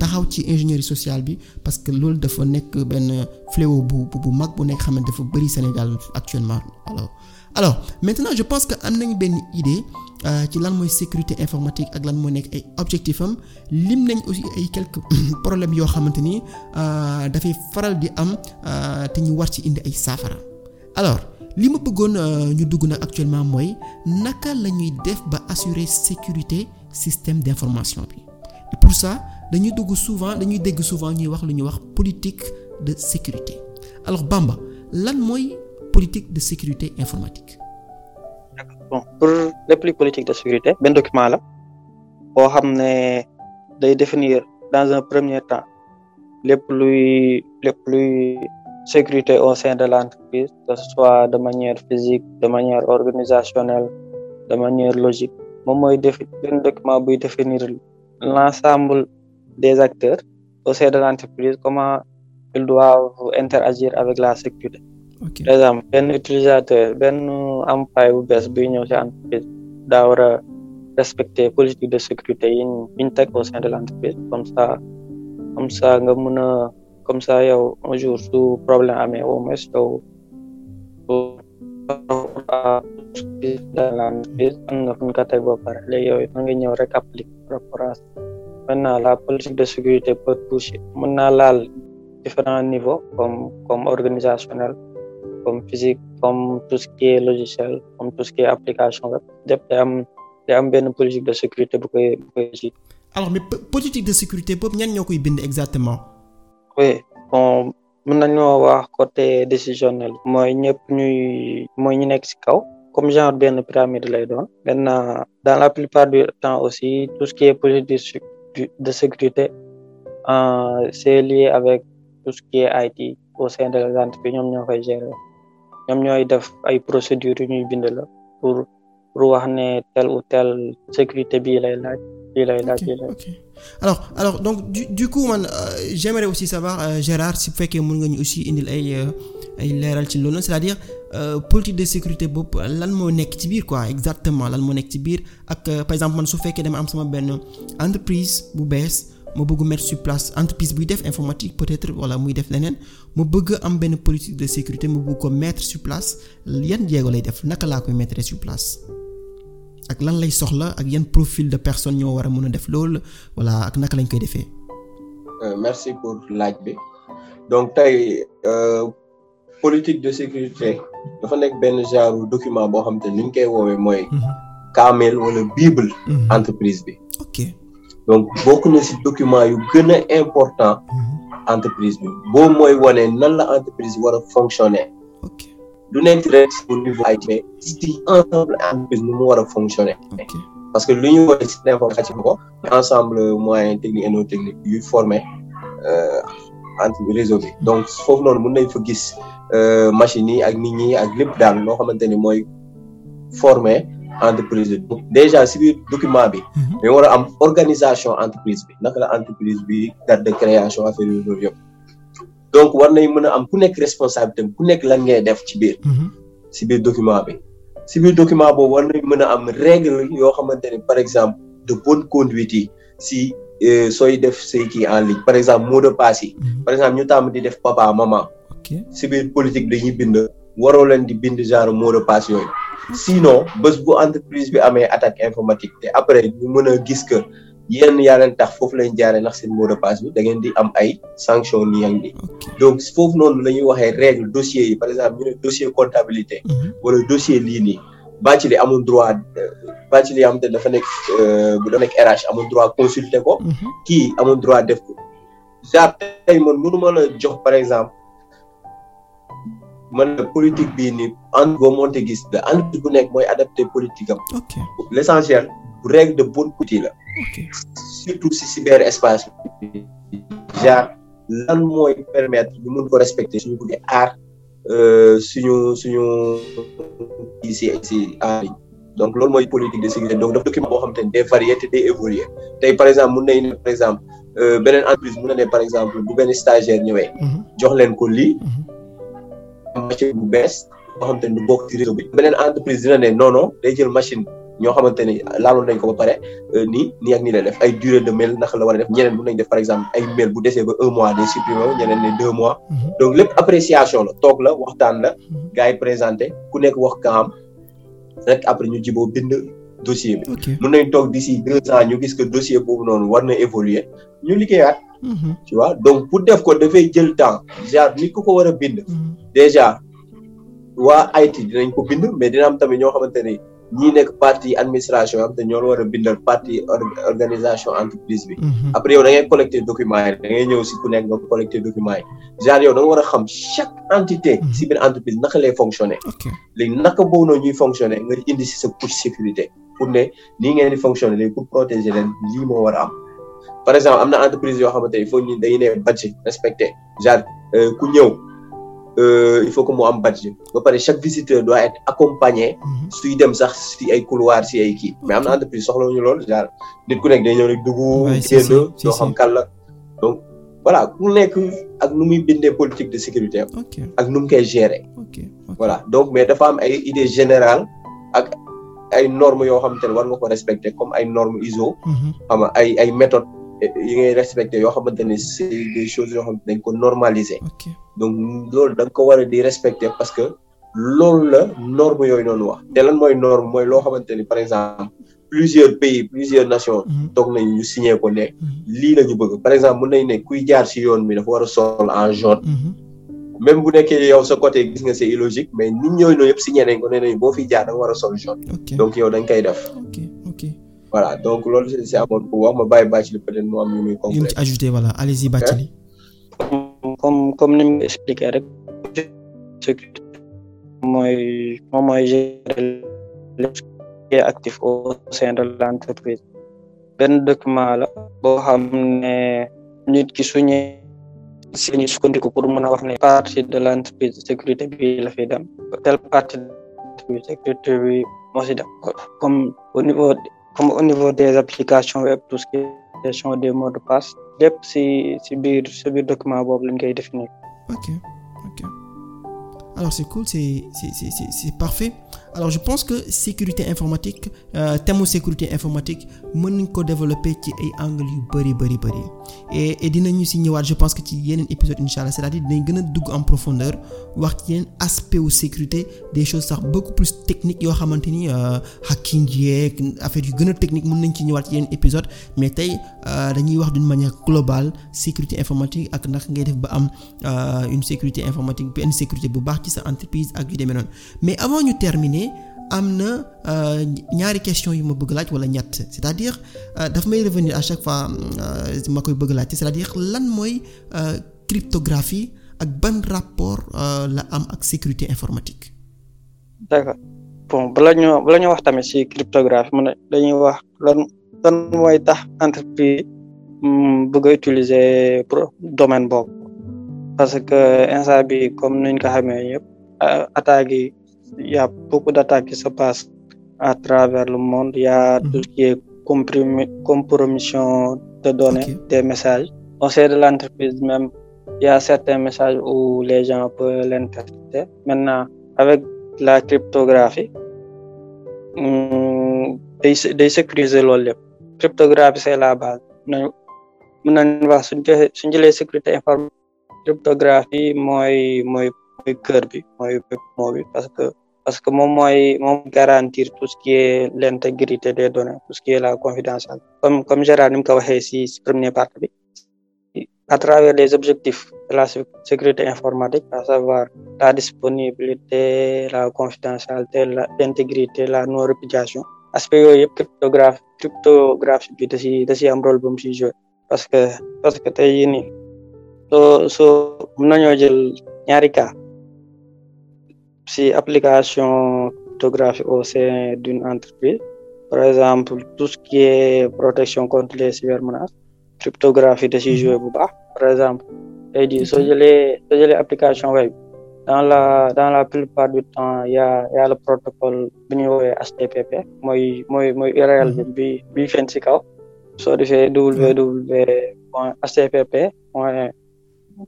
taxaw ci ingénierie social bi parce que loolu dafa nekk benn fléau bu bu mag bu nekk xamante dafa bëri Sénégal actuellement alors maintenant je pense que am nañu benn idée euh, ci lan mooy sécurité informatique ak lan moo nekk ay objectif am lim nañ aussi ay quelques problèmes yoo xamante ni euh, dafay faral di am euh, te ñu war ci indi ay saafara alors li ma bëggoon ñu dugg nag actuellement mooy naka la ñuy def ba assurer sécurité système d'information bi et pour ça dañuy dugg souvent dañuy dégg souvent ñuy wax lu ñuy wax politique de sécurité alors Bamba lan mooy politique de sécurité informatique. pour lépp luy politique de sécurité benn document la boo xam ne day définir dans un premier temps lépp luy lépp luy sécurité au sein de l'entreprise que ce soit de manière physique de manière organisationnelle de manière logique moom mooy défi benn document buy définir l'ensemble des acteurs au sein de l'entreprise comment ils doivent interagir avec la sécurité exemple benn utilisateur benn employé bu bees buy ñëw ci entreprise daa war a respecter politique de sécurité yi ñu teg au sein de l'entreprise comme ça comme nga mën a comme ça yow un jour su problème amee au moins yow am nga fu ñu ko teg ba pare léegi yooyu mën nga ñëw rek appliquer par rapport na maintenant la politique de sécurité peut toucher mën naa laal différents niveaux comme comme organisationnel comme physique comme tout ce qui est logiciel comme tout ce qui est application web lépp am day am benn politique de sécurité bu koy bu koy ji. alors mais politique de sécurité boobu ñan ñoo koy bind exactement. oui bon mën nañoo wax côté décisionnel. mooy ñëpp ñuy mooy ñu nekk ci kaw. comme genre benn pyramide lay doon. maintenant dans la plupart du temps aussi tout ce qui est politique de sécurité euh, c'est lié avec tout ce qui est IT au sein de l'entreprise ñoom ñoo koy gérer. ñoom ñooy def ay procédure yu ñuy bind la pour pour wax ne tel ou sécurité bii lay laaj bii lay laaj bii lay laaj alors alors donc du du coup man euh, j'aimerais aussi savoir euh, Gérard si fekkee mun nga ñu aussi indil ay euh, ay leeral ci loolu c'est-à-dire politique de sécurité boobu lan moo nekk ci biir quoi exactement lan moo nekk ci biir ak par exemple man su fekkee dama am sama benn entreprise bu bees. ma bëgg mettre sur place entreprise buy def informatique peut-être wala muy def leneen mu bëgg am benn politique de sécurité ma bëgg ko mettre sur place yan jéego lay def naka laa koy mettre sur place ak lan lay soxla ak yan profil de personne ñoo war a mun a def loolu wala ak naka lañ koy defee. Euh, merci pour laaj bi donc tey euh, politique de sécurité dafa nekk benn genre document boo xam ne ni ñu koy woowee mooy. Mhm. kaamel wala bible. Mhm. entreprise bi. donc bokk si document yu gën important mhm. entreprise bi boo mooy wane nan la entreprise war a fonctionner du nekk rek au niveau IT ensemble entreprise nu mu war a fonctionner parce que li ñu woowe ci information ko ensemble moyen technique et non technique yuy former euh, entre réseau bi donc foofu noonu mën nañ fa gis euh, machines yi ak nit ñi ak lépp daal loo xamante ni mooy former entreprise bi déjà si biir document bi. dañu mhm. war a am organisation entreprise bi naka la entreprise bi date de création affaire yooyu donc war nañ mën a am ku nekk responsabilité ku nekk lan ngay def ci biir. Mhm. si biir document bi. si biir document boobu war nañ mën a am règle yoo xamante ne par exemple de bonne conduite yi si euh, sooy def say kii en ligne par exemple mot de passe yi. Mhm. par exemple ñu tàmm di def papa maman. si biir politique dañuy bind waroo leen di bind genre mot de passe yooyu. sinon bés bu entreprise bi amee attaque informatique te après ñu mën a gis que yéen yaa leen tax foofu lañ jaaree ndax seen mot de passe bi da ngeen di am ay sanction ni yang ni donc foofu noonu la ñuy waxee règle dossier yi par exemple ñu ne dossier comptabilité mhm. wala dossier lii ni bàcc li amul droit euh, bàcc li am te dafa nekk euh, bu dafa nekk amul droit consulter ko mhm. kii amul droit def ko genre tey man mënuma la jox par exemple man la politique bii nii en boo monte gis la entreprise bu nekk mooy adapté politique am. ok l' essentiel règle de bonne politique la. surtout si cyber espace bi. genre lan mooy permettre ñu mun ko respecter suñu bëggee aar euh, suñu suñu ici si en ligne donc loolu mooy politique de sécurité donc dafa document boo xam te ne day varié te day évolué tey par exemple mun nañu ne par exemple euh, beneen entreprise mun na ne par exemple bu benn stagiaire ñëwee. Mhm. jox ko lii. Mhm. machine bu bees boo xamante ni du bokk ci entreprise dina ne non non day jël machine ñoo xamante ni laaloon nañ ko ba pare euh, nii nii ak nii def ay durée de mail naka la war a def ñeneen mën nañ def par exemple ay mail bu desee ba un mois day supprimer ñeneen ne deux mois mhm. donc lépp appréciation la toog la waxtaan la mhm. gars yi présenté ku nekk wax kaam rek après ñu jiboo bind dossier bi mën nañ toog d'ici deux ans ñu gis que dossier boobu noonu war na évoluer ñu liggéeyaat Mhm. tu vois donc pour def ko dafay jël temps genre nit ku ko war a bind. Mhm. déjà waa IT dinañ ko bind mais dina am tamit ñoo xamante ni ñii nekk parti administration am te war a parti partie organisation entreprise bi. Mhm. après yow da ngay collecter documents yi da ngay ñëw si ku nekk nga collecter documents yi genre yow war a xam chaque entité. si biir entreprise naka lay fonctionner. léegi naka boobu noonu ñuy fonctionner nga indi si sa couche sécurité pour ne nii ngeen di fonctionner léegi pour protéger leen moo war a am. par exemple am na entreprise yoo xamante il faut ñu dañuy ne budget respecté genre euh, ku ñëw euh, il faut que mu am budget ba pare chaque visiteur doit être accompagné mhm. suy dem sax si ay couloir si ay kii mais am na entreprise soxlawuñu lool genre nit ku nekk day ñëw rek dugg génn doo xam kan la donc voilà ku nekk ak nu muy bindee politique de sécurité ak nu mu koy gérer voilà donc mais dafa am ay idée générale ak ay normes yoo xamante ne war nga ko respecter comme ay normes ISO mhm. xam ay ay yi ngay respecté yoo xamante ne c'est des choses yoo xam dañ ko normaliser donc loolu da nga ko war a di respecté parce que loolu la norme yooyu noonu wax te lan mooy norme mooy loo xamante ni par exemple plusieurs pays plusieurs nations mhm. toog nañ ñu signé ko ne mhm. lii la ñu bëgg par exemple mën nañ ne kuy jaar si yoon bi dafa war a sol en jaune mhm. même bu nekkee yow sa côté gis nga c'est illogique mais nit ñooñu noonu yëpp signé nañ ko nee nañ boo fi jaar da nga war a sol jaune donc yow dañ koy def voilà donc loolu si amoon pour wax ma bàyyi Bathily peut-être am ñu ci ajouté voilà allez-y Bathily. comme comme ni mu expliqué rek sécurité mooy moom mooy gérer les actifs au sein de l'entreprise benn document la boo xam ne nit ki suñu si ñu sukkandiku pour mën a wax ne partie de l'entreprise sécurité bi la fi dem telle partie sécurité bi moo comme au niveau comme au niveau des applications web tout ce qui des mots de passe lépp si si biir si biir document boobu lañ koy définir. ok ok alors c'est cool c'est c'est c'est c'est parfait. alors je pense que sécurité informatique euh, thème sécurité informatique mën nañ ko développer ci ay angle yu bari bari bari et et dinañu si ñëwaat je pense que ci yeneen épisode incha allah cest gën a dugg en wax ci yeneen aspect wu sécurité des choses sax plus technique yoo xamante ni euh, hacking yeeg affaire yu gën a technique mën nañ ci ñëwaat ci yeneen épisode tey euh, dañuy wax d'une manière globale sécurité informatique ak ndax ngay def ba am une sécurité informatique benn sécurité bu baax ci sa entreprise ak yu demee noonu mais avant ñu terminer ni am na euh, ñaari question yu ma bëgg laaj wala ñett c'est-à-dire euh, dafa may revenir à chaque fois euh, ma koy bëgg laaj c'est-à-dire lan mooy cryptographie ak ban rapport la am ak sécurité informatique. d'accord bon ñoo bala ñoo wax tamit ci cryptographie mu ne dañuy wax lan lan mooy tax entreprise hmm, bëgg a utiliser domaine boobu parce que instant bi comme ni ñu ko xamee yëpp attaques yi. il y beaucoup d'attaques qui se passent à travers le monde. Il y a mhm. tout ce de données, okay. des messages. Au sein l'entreprise même, il y a certains messages où les gens peuvent l'interpréter. Maintenant, avec la cryptographie, hmm, day sécuriser loolu lépp cryptographie c'est la base nañu mën nañu wax suñ jëlee sécurité informatique cryptographie mooy mooy mooy cœur bi mooy poumon parce que moom mooy moom garantir tout ce qui est l'intégrité des données tout ce qui est la confidentialité comme comme Gérard ni mu si premier partie bi à travers les objectifs la sécurité informatique à savoir la disponibilité la confidentialité l'intégrité la non répudiation aspect yooyu yëpp cryptographie cryptographie bi da si da si si e e joué parce que parce que tey jii nii soo soo mën jël ñaari cas si application tographie au sein d'une entreprise par exemple tout ce qui est protection contre les cybermenaces cryptographie da ciy mhm. joué bu baax par exemple tey jii soo jëlee soo jëlee application web dans la dans la plupart du temps ya a y a le protocole bi ñuy woowee HTTP mooy mooy mhm. bi bi bi fen ci kaw soo defee www point http point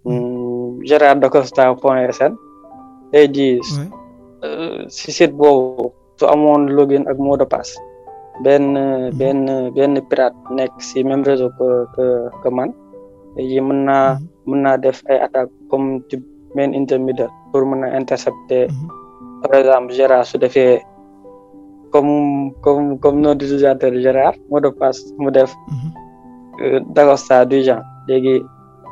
mm, Gérard Dacosta point sn tey jii. Euh, si boobu so amoon login ak moodo de passe benn mhm. benn benn pirate nekk si même réseau que que que man tey jii mën naa mhm. mën naa def ay attaque comme ci main intermédiaire pour mën a intercepter mhm. par exemple Gérard su defee comme comme comme notre utilisateur Gérard mot de mu def euh, Dagosta du genre léegi.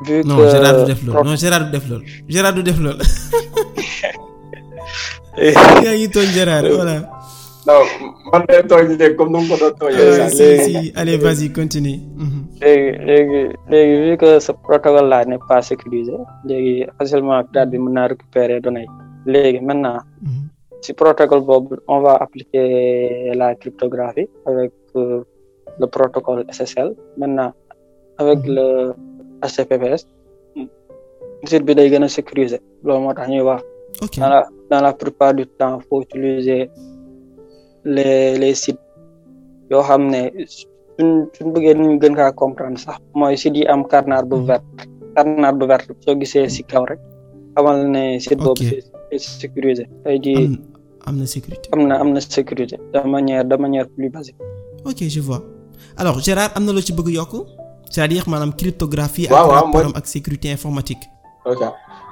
vu Gérard du def loolu non Gérard du def loolu Gérard du def loolu. yaa ngi tooñ Gérard voilà. man de tooñ léegi comme ni mu ko doon tooñee. léegi léegi léegi vu que ce protocole pas sécurisé léegi facilement date bi mën naa récupérer données yi léegi maintenant. si protocole boobu on va appliquer la cryptographie avec le protocole SSL maintenant avec le HTTPS site bi day gën a sécuriser loolu moo tax ñuy wax. Okay. Dans, la, dans, la, plupart du temps, il faut utiliser les, les sites. yoo xam ne suñ suñ bëggee ñu gën kaa comprendre sax mooy si di am carnet bu hmm. verte carnet bu vert soo gisee hmm. si kaw rek xamal ne site boobu c'est jii am na sécurité am na am na sécurité de manière de manière plus basique ok je vois alors Gérard am na loo ci bëgg yokk cest à maanaam cryptographie ak rapport ak sécurité informatique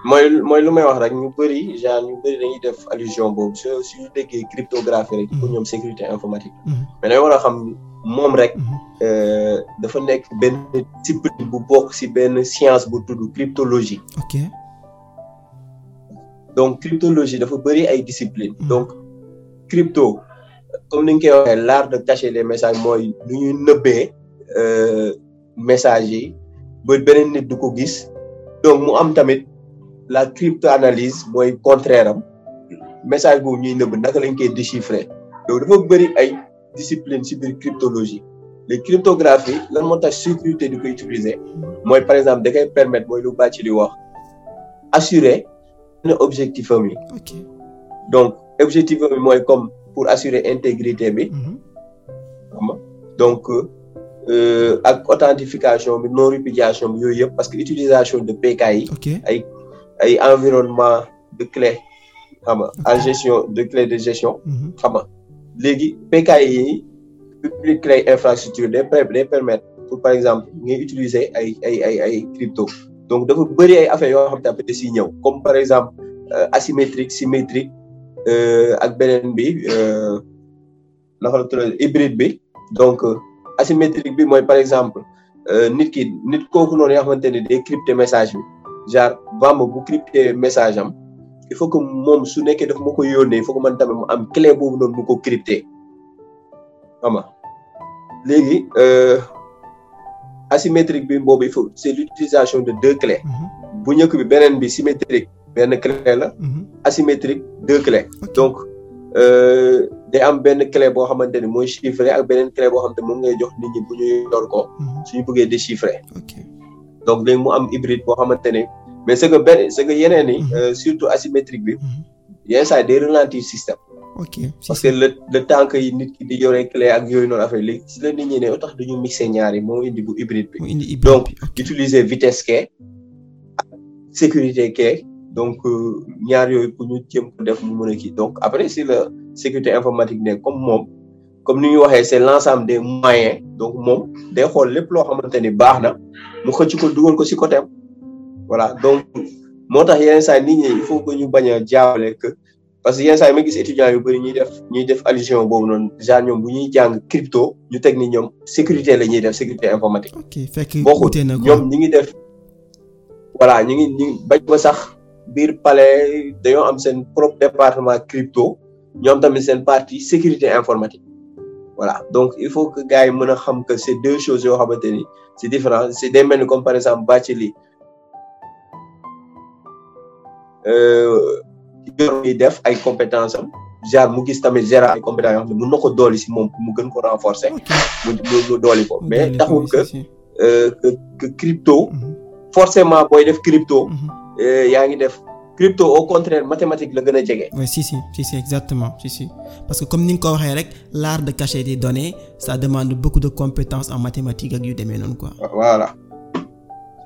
mooy mooy lu may wax rek ñu bëri genre ñu bëri dañuy def allusion boobu su suñu déggee cryptographie rek pour mm-hmm. ñoom sécurité informatique mm-hmm. mais dañoo war a xam moom rek mm-hmm. euh, dafa nekk benn discipline bu bokk si benn science bu tudd cryptologie ok donc cryptologie dafa bëri ay discipline donc crypto comme ni nga koy waxee l'art de cacher les messages mooy lu ñuy nëbbee euh, messages yi ba beneen nit du ko gis donc mu am tamit la cryptoanalyse mooy contraire am message boobu ñii nëbb naka lañ koy déchiffrer donc dafa bëri ay discipline ci biir cryptologie les cryptographies lan moo tax sécurité di koy utiliser mooy par exemple da koy permettre mooy lu bàcc di wax assurer ne objectif am donc objectif am mooy comme pour assurer intégrité bi xam mhm. donc euh, ak authentification bi non répudiation bi yooyu yëpp parce que utilisation de PKI yi ay environnement de clé xam nga en gestion de clé de gestion mhm. xam nga léegi PKI yi public clé infrastructure day permettre par exemple ngay utiliser ay ay ay ay crypto donc dafa bëri ay affaires yoo xam te après si ñëw comme par exemple euh, asymétrique symétrique euh, ak beneen bi euh, naka la tudd hybride bi donc asymétrique bi mooy par exemple nit ki nit kooku noonu yoo xamante ne day message bi genre Bamba bu crypté message am il faut que moom su nekkee daf ma ko yónnee il faut que man tamit mu am clé boobu noonu mu ko crypté xam nga léegi euh, asymétrique bi boobu il faut c'est l'utilisation de deux clés. Mhm. bu njëkk bi beneen bi symétrique benn clé la. Mhm. asymétrique deux clés. donc euh, day am benn clé boo xamante ni mooy chiffré ak beneen clé boo xamante moom ngay jox nit ñi bu ñu yor ko. Mhm. suñu bëggee déchiffrer. donc léegi mu am hybride boo xamante ne mais c'est que benn c'est que yeneen yi. Mhm. Euh, surtout asymétrique bi. Mhm. yenn saa yi day ralentir système. ok que le le temps que nit ki di yore clé ak yooyu noonu affaire léegi si la nit ñi ne tax duñu mixer ñaar yi moo indi bu hybride bi. donc utiliser vitesse kee ak sécurité donc euh, ñaar yooyu pour ñu jéem ko def mu kii donc après si la sécurité informatique ne comme moom. comme ni ñu waxee c'est l'ensemble des moyens donc moom day xool lépp loo xamante ni baax na mu xëcc ko dugal ko ci côté voilà donc moo tax yenn saa nit ñi il faut que ñu bañ a jaawale que parce que yenn saa yi ma gis étudiants yu bëri ñuy def ñuy def allusion boobu noonu genre ñoom bu ñuy jàng crypto ñu teg ni ñoom sécurité la ñuy def sécurité informatique. ok fekk bokkul ñoom ñi ngi def. voilà ñu ngi ñu bañ ba sax biir palais dañoo am seen propre département crypto ñoom tamit seen parti sécurité informatique. voilà donc il faut que gars yi mën a xam que c'est deux choses yoo xamante ni si différent c'est des mel ni comme par exemple Bathily euh, yor mi def ay compétence am genre mu gis tamit gérer ay compétence yoo xam ne mën na ko dooli si moom mu gën ko renforcer mu mu dooli ko mais taxul euh, que que crypto mhm. forcément booy def crypto mhm. euh, yaa ngi def crypto au contraire mathématique la gën a jege. oui si si si si exactement si si parce que comme ni nga ko waxee rek l'art de cacher des données ça demande beaucoup de compétences en mathématiques ak yu demee noonu quoi. voilà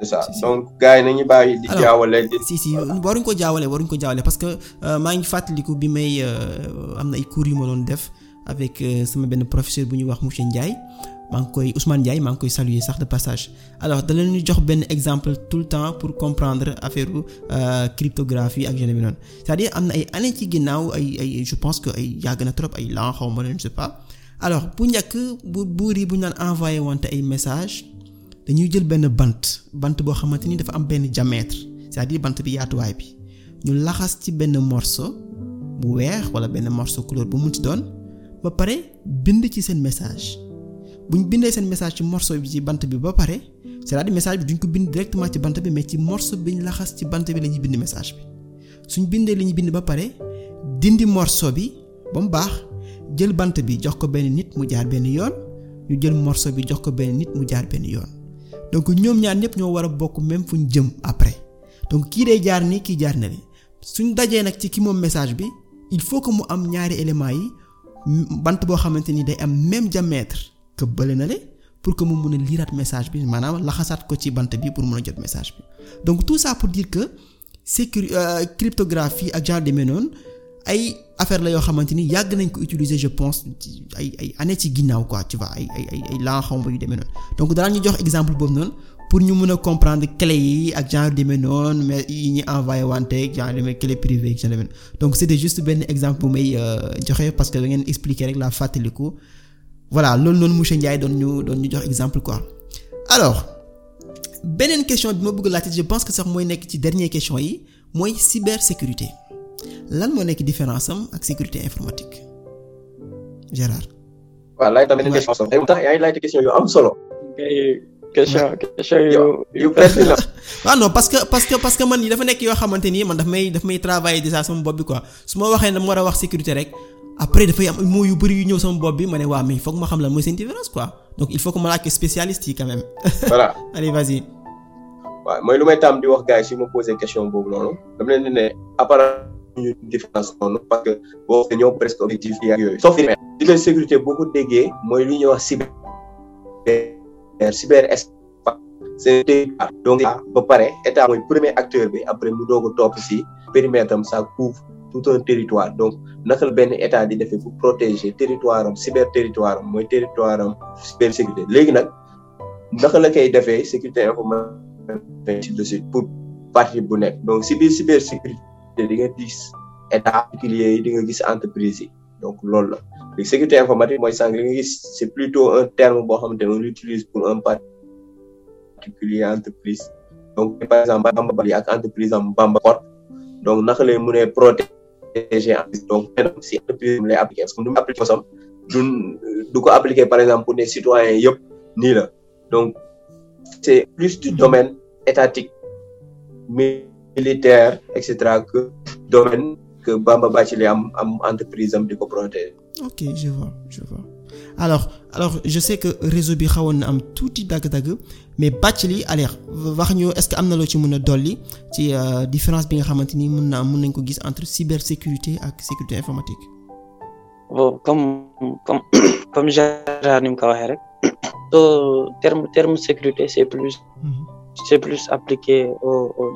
c'est ça si, si. donc gars yi nañu bàyyi di jaawale. si si waruñ ko jaawale parce que euh, maa ngi fàttaliku bi may euh, am na ay cours yu ma doon def avec euh, sama benn professeur bu ñuy wax monsieur Ndiaye. maa ngi koy Ousmane Ndiaye maa ngi koy saluer sax de passage alors dana ñu jox benn exemple tout le temps pour comprendre affaire euh, cryptographie ak genre bi noonu cest am na ay années ci ginnaaw ay ay je pense que ay yàgg na trop ay lan xaw ma leen je sais pas alors bu njëkk bu buur yi bu ñu naan envoyé wante ay message dañuy jël benn bant bant boo xamante ni dafa am benn diamètre cest à bant bi yaatuwaay bi ñu laxas ci benn morceau bu weex wala benn morceau couleur bu mu ci doon ba pare bind ci seen message bu ñu bindee seen message ci morceau bi ci bant bi ba pare cest message bi duñ ko bind directement ci bant bi mais ci morceau bi ñu laxas ci bant bi la ñuy bind message bi suñ bindee li ñu bind ba pare dindi morceau bi ba mu baax jël bant bi jox ko benn nit mu jaar benn yoon ñu jël morceau bi jox ko benn nit mu jaar benn yoon donc ñoom ñaar ñëpp ñoo war a bokk même fu ñu jëm après donc kii day jaar nii kii jaar na li suñ dajee nag ci kii moom message bi il faut que mu am ñaari éléments yi bant boo xamante ni day am même diamètre que bële na le pour que mu mun a liiraat message bi maanaam laxasaat ko ci bant bi pour mun a jot message bi donc tout ça pour dire que sécuri euh, cryptographie ak genre demee noonu ay affaire la yoo xamante ni yàgg nañ ko utiliser je pense ci ay ay année ci ginnaaw quoi ay ay ay ay lan demee noonu donc daan ñu jox exemple boobu noonu pour ñu mën a comprendre clé yi ak genre demee noonu mais yi ñuy envoyé wante ak genre demee clé privée ak genre demee noonu donc c'était juste benn exemple bu may euh, joxe parce que da ngeen rek la fàttaliku. voilà loolu noonu monsieur Ndiaye doon ñu doon ñu jox exemple quoi alors beneen question bi ma bëgg laajte je pense que sax mooy nekk ci dernier question yi mooy sécurité lan moo nekk différence am ak sécurité informatique Gérard. waaw laaj tamit beneen question sax. tey am solo. question question yu yu pertinent waaw ah non parce que parce dafa nekk yoo xamante ni man daf may daf may travailler bopp bi quoi su ma waxee ne war a wax sécurité rek après dafay am mots yu bëri yu ñëw sama bopp bi ma ne waa mais foog ma xam lan mooy seen différence quoi donc il faut que ma laaj ko spécialiste yi quand même. voilà allez mooy lu may taam di wax gars yi su ma posé question boobu noonu dama leen di ne apparemment ñu différence noonu parce que boo ko ñëw presque objectif yi ak yooyu. sauf cyber sécurité boo ko déggee mooy lu ñuy wax cyber cyber c'est donc ba pare état mooy premier acteur bi après mu doog a topp si périmètre am ça couvre. tout un territoire donc naka la benn état di defee pour protéger territoire am cyber territoire am mooy territoire am cybersécurité léegi nag naka la koy defee sécurité informatique de suite pour partie bu nekk donc si biir cybersécurité di nga gis état particulier yi di nga gis entreprise yi donc loolu la léegi sécurité informatique mooy sànq li nga gis c'est plutôt un terme boo xamante on l'utilise pour un particulier entreprise donc par exemple Bamba Bali ak entreprise am Bamba Corp donc naka lay mënee protéger DG en donc maanaam si entreprise lay appliqué parce que nu appliqué du ko appliqué par exemple pour ne citoyens yëpp nii la donc c'est plus du domaine étatique militaire et cetera que domaine que Bamba Bathily am am entreprise am di ko protéger. ok je vois je vois. alors alors je sais que réseau bi xawoon na am tuuti dagg-dagg mais bàcc li aleex wax ñu est-ce que am na loo ci mën a dolli ci euh, différence bi nga xamante ni mun na am mën nañ ko gis entre cybersécurité ak sécurité informatique. bon comme comme comme Gérard ni ko waxee rek. terme terme sécurité c'est plus. Mhm. c'est plus appliqué au au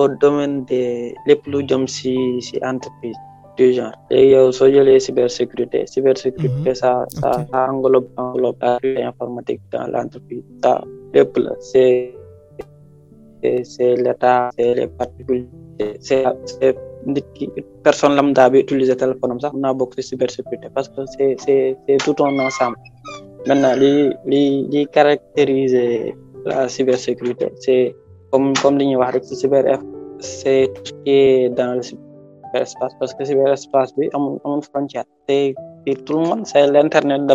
au domaine des lépp lu jëm ci ci entreprise. du genre léegi eh, yow soo jëlee cybersécurité cybersécurité ça ça ça englobe englobe la sécurité informatique dans l'entreprise ça la c'est c'est l'état c'est les particuliers c'est c'est ki personne lambda bi utiliser téléphone am sax mën naa bokk cybersécurité parce que c'est c'est c'est tout un ensemble maintenant li li li caractériser la cybersécurité c'est comme comme li ñuy wax rek ci cyber c'est tout ce dans le espace parce que cyberespace bi amul amul frontière te tout le monde c'est l'internet de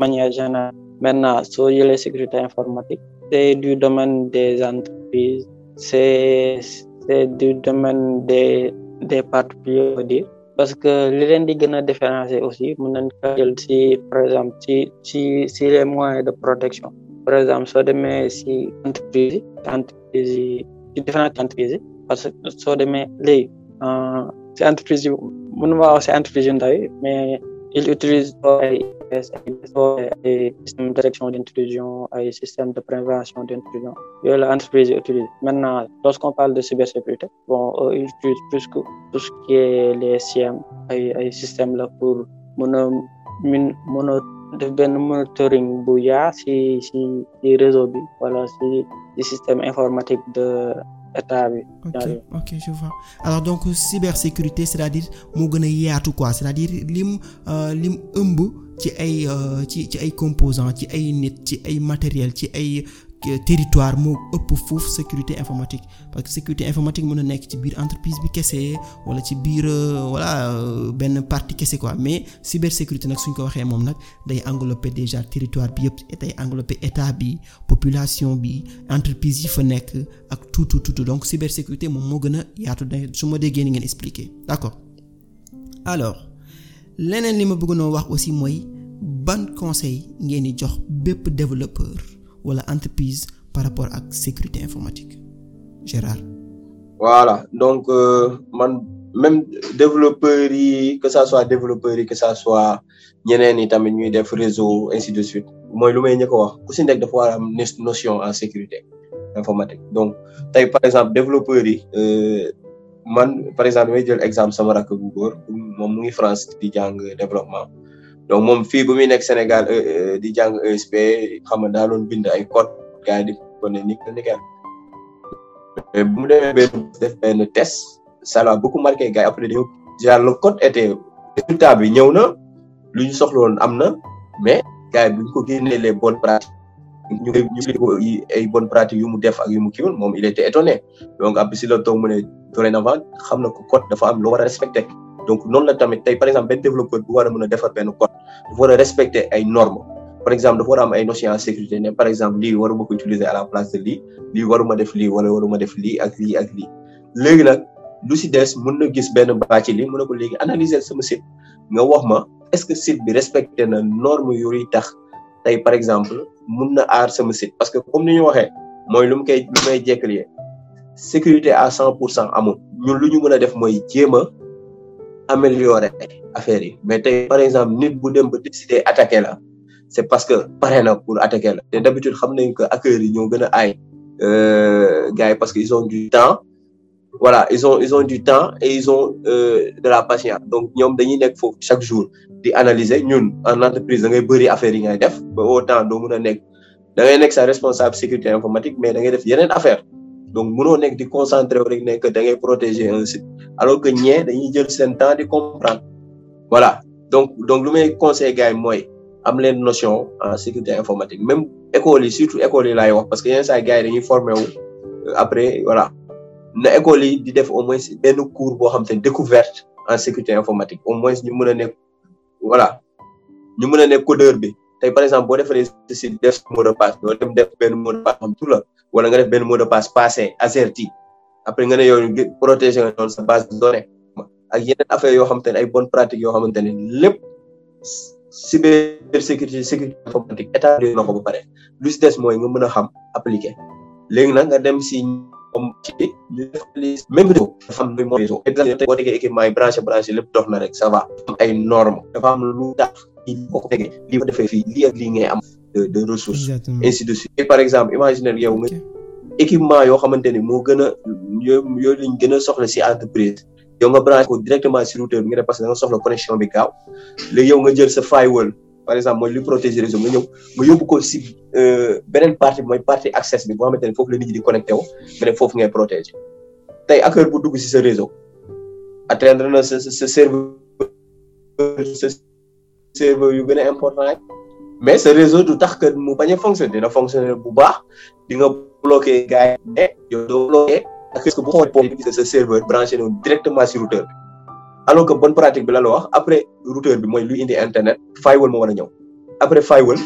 manière générale maintenant soo jëlee sécurité informatique c'est du domaine des entreprises c'est c'est du domaine des des particuliers on parce que li leen di gën a différencier aussi mën nañ si par exemple si si si les moyens de protection par exemple soo demee si entreprise entreprise parce que soo demee léegi ci entreprise yu mënu ma wax ci entreprise yu ndaw yi mais il utilise ay ay système de direction d'intrusion ay système de prévention d'intrusion yooyu la entreprise yi utilise maintenant lorsqu'on parle de cybersécurité bon il utilise plus que tout ce qui les SIEM ay ay système la pour mën a min mën a def monitoring bu yaa si ci réseau bi wala ci système informatique de état bi. ok ok je vois alors donc cybersécurité c'est-à-dire moo gën a yaatu ko c'est-à-dire euh, lim ëmb ci ay euh, ci ci ay composant ci ay nit ci ay matériel ci ay territoire moo ëpp foofu sécurité informatique parce que sécurité informatique mën na nekk ci biir entreprise bi kese wala ci biir euh, voilà euh, benn parti kese quoi mais cybersécurité nag suñ ko waxee moom nag day englober déjà territoire bi yëpp day englober état bi population bi entreprise yi fa nekk ak tout tout tout donc cybersécurité moom moo gën a yaatu day su ma déggee ni ngeen expliquer d'accord alors leneen li ma bëggoon a wax aussi mooy ban conseil ngeen di jox bépp wala entreprise par rapport ak sécurité informatique Gérard. voilà donc euh, man même développeurs yi que ça soit développeurs yi que ça soit ñeneen yi tamit ñuy def réseau ainsi de suite mooy lu may ñu ko wax ku si nekk dafa war am notion en sécurité informatique donc tey par exemple développeurs yi. Euh, man par exemple may jël exemple sama rakk bu góor moom mu ngi France di jàng développement donc moom fii bu muy nekk Sénégal euh, euh, di jàng ESP xam nga daa bind ay code gars yi di ko ne nii nickel mais bu mu demee benn def benn test ça l'a beaucoup marqué gars yi après dañoo genre le code était résultat bi ñëw na lu ñu soxla woon am na mais gars yi bu ñu ko génnee le bonnes pratiques ñu ngi ay bonnes pratiques yu mu def ak yu mu kiiwoon moom il était étonné donc après si la toog mu ne dorénavant xam na ko code dafa am lu war a respecté. donc noonu la tamit tey par exemple benn développeur bu war a mën a defar benn code dafa war respecter ay normes par exemple dafa war a am ay notion sécurité ne par exemple lii waruma ko utiliser à lii waruma def lii wala ma def lii ak lii ak lii léegi nag lu si des mën na gis benn bàcc li mën na ko léegi analyser sama site nga wax ma est-ce que site bi respecté na norme yooyu tax tey par exemple mun na aar sama parce que comme ni ñu waxee mooy lu mu koy may jékkalee sécurité à cent pour cent amul ñun lu ñu mën a def mooy jéem a améliorer affaire yi mais tey par exemple nit bu dem ba décider attaquer la c'est parce que pare na pour attaquer la te d'habitude xam nañ que acteurs yi ñoo gën a aay euh, gars yi parce que ils ont du temps voilà ils ont ils ont du temps et ils ont euh, de la patience donc ñoom dañuy nekk foofu chaque jour di analyser ñun en entreprise da ngay bëri affaire yi ngay def ba au temps doo mën a nekk da ngay nekk sa responsable sécurité informatique mais da ngay def yeneen affaire donc mënoo nekk di concentré wu rek ne que da ngay protéger un site alors que ñee dañuy jël seen temps di comprendre voilà donc donc lu may conseil gars mooy am leen notion en sécurité informatique même école yi surtout école yi laay wax parce que yenn saa gars yi dañuy formé euh, après voilà na école yi di def au moins benn cours boo xam te découverte en sécurité informatique au moins ñu mën a nekk voilà ñu mën a nekk codeur bi tey par exemple boo defaree si def mot a passe doo dem def benn mot de passe xam tout la wala nga def benn mot de passe passé asserti après nga ne yow protéger nga sa base de données ak yeneen affaire yoo xamante ne ay bonnes pratiques yoo xamante ne lépp cybersécurité sécurité informatique état na ko ba pare lu si des mooy nga mën a xam appliquer léegi nag nga dem si comme ci même réseau dafa am lu mooy réseau boo tegee équipement yi branché branché lépp dox na rek ça va am ay normes dafa am lu tax lii defee fii lii am de de ressources. ainsi de suite et par exemple imaginez yow nga équipement yoo xamante ni moo gën yo yoo yooyu gën a soxla si entreprise yow nga branché ko directement si routeur bi nga def parce que da nga soxla bi gaaw léegi yow nga jël sa firewall par exemple mooy li protéger réseau nga ñëw nga yóbbu ko si euh, beneen partie bi mooy partie access bi boo xamante ne foofu la nit ñi di connecté wu nga ne foofu ngay protéger tey hacker bu dugg si sa réseau atteindre na sa sa serveur sa serveur yu gën a mais ce réseau tax que mu bañ a dina fonctionner bu baax di nga bloqué gars yi ne yow doo bloqué parce que bu xoolee pont bi sa serveur branché noonu directement si routeur alors que bonne pratique bi la la wax après routeur bi mooy lu indi internet firewall mo war a ñëw après firewall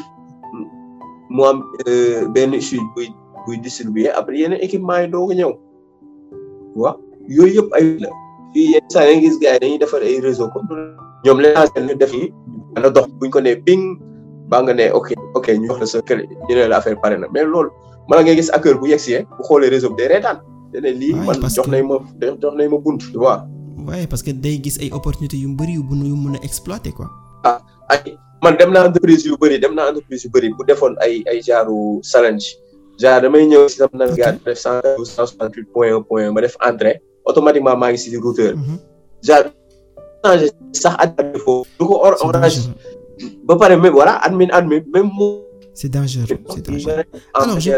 mu am euh, benn switch buy buy distribuer après yeneen équipement yi doo ko ñëw waaw yooyu yëpp ay la fii yenn saa gis gars dañuy defar ay réseau comme ñoom l'essentiel ñu def yi dox buñ ko nee ping baa nga ne ok ok ñu wax la sa kër ñu ne la affaire pare na mais nga gis acteur bu yegsee bu xoolee réseau bi day reetaan dene lii man jox nañ ma ma bunt tu vois parce que day gis ay opportunité yu bëri yu bunu yu mun a exploiter quoi ah man dem naa entreprise yu bëri dem naa entreprise yu bëri bu defoon ay ay genre challenge genre damay ñëw si sam navigateur def cent cent soixante huit point un point un def entrée automatiquement maa ngi si routeur mhm. genre changé sax a foofu du ko orange ba pare même voilà admin admin même moom. c'est dangereux c'est dangereux alors je,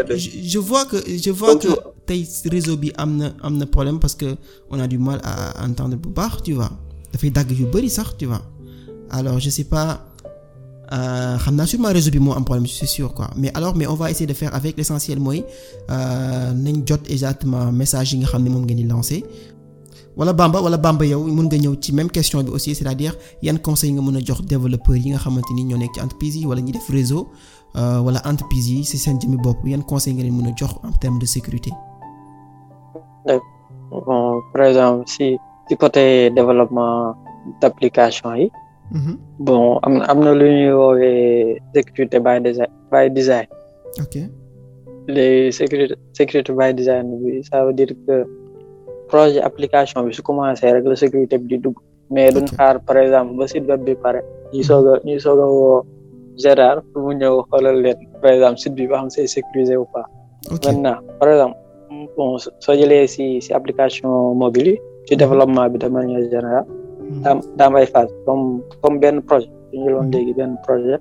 je vois que je vois que tey réseau bi am na am na problème parce que on a du mal à entendre bu baax tu vois dafay dagg yu bari sax tu vois alors je sais pas euh, xam naa sûrement réseau bi moo am problème c'est sûr quoi mais alors mais on va essayer de faire avec l'essentiel mooy euh, nañ jot exactement message yi nga xam ne moom ngeen di lancer wala Bamba wala Bamba yow mën nga ñëw ci même question bi aussi c'est-à-dire yan conseil nga mën a jox développeurs yi nga xamante ni ñoo nekk ci entreprise yi wala ñi def réseau euh, wala entreprise yi ci seen jëmmi bopp yan conseil nga leen mën a jox en termes de sécurité. si si côté développement d'application yi. Mm-hmm. bon am na am na lu ñuy woowee sécurité by design by design. ok les sécurité by design bi ça veut dire que. projet application bi su commencé rek la sécurité bi di dugg mais duñ xaar par exemple ba site web bi pare ñuy soog a hmm. ñuy soog Gérard pour mu ñëw xoolal par exemple site bi ba xam c'est sécurisé ou pas maintenant par exemple bon soo si si application mobile yi ci hmm. développement bi de manière générale daam hmm. daam ay phase comme comme benn projet ñu jëloon léegi benn projet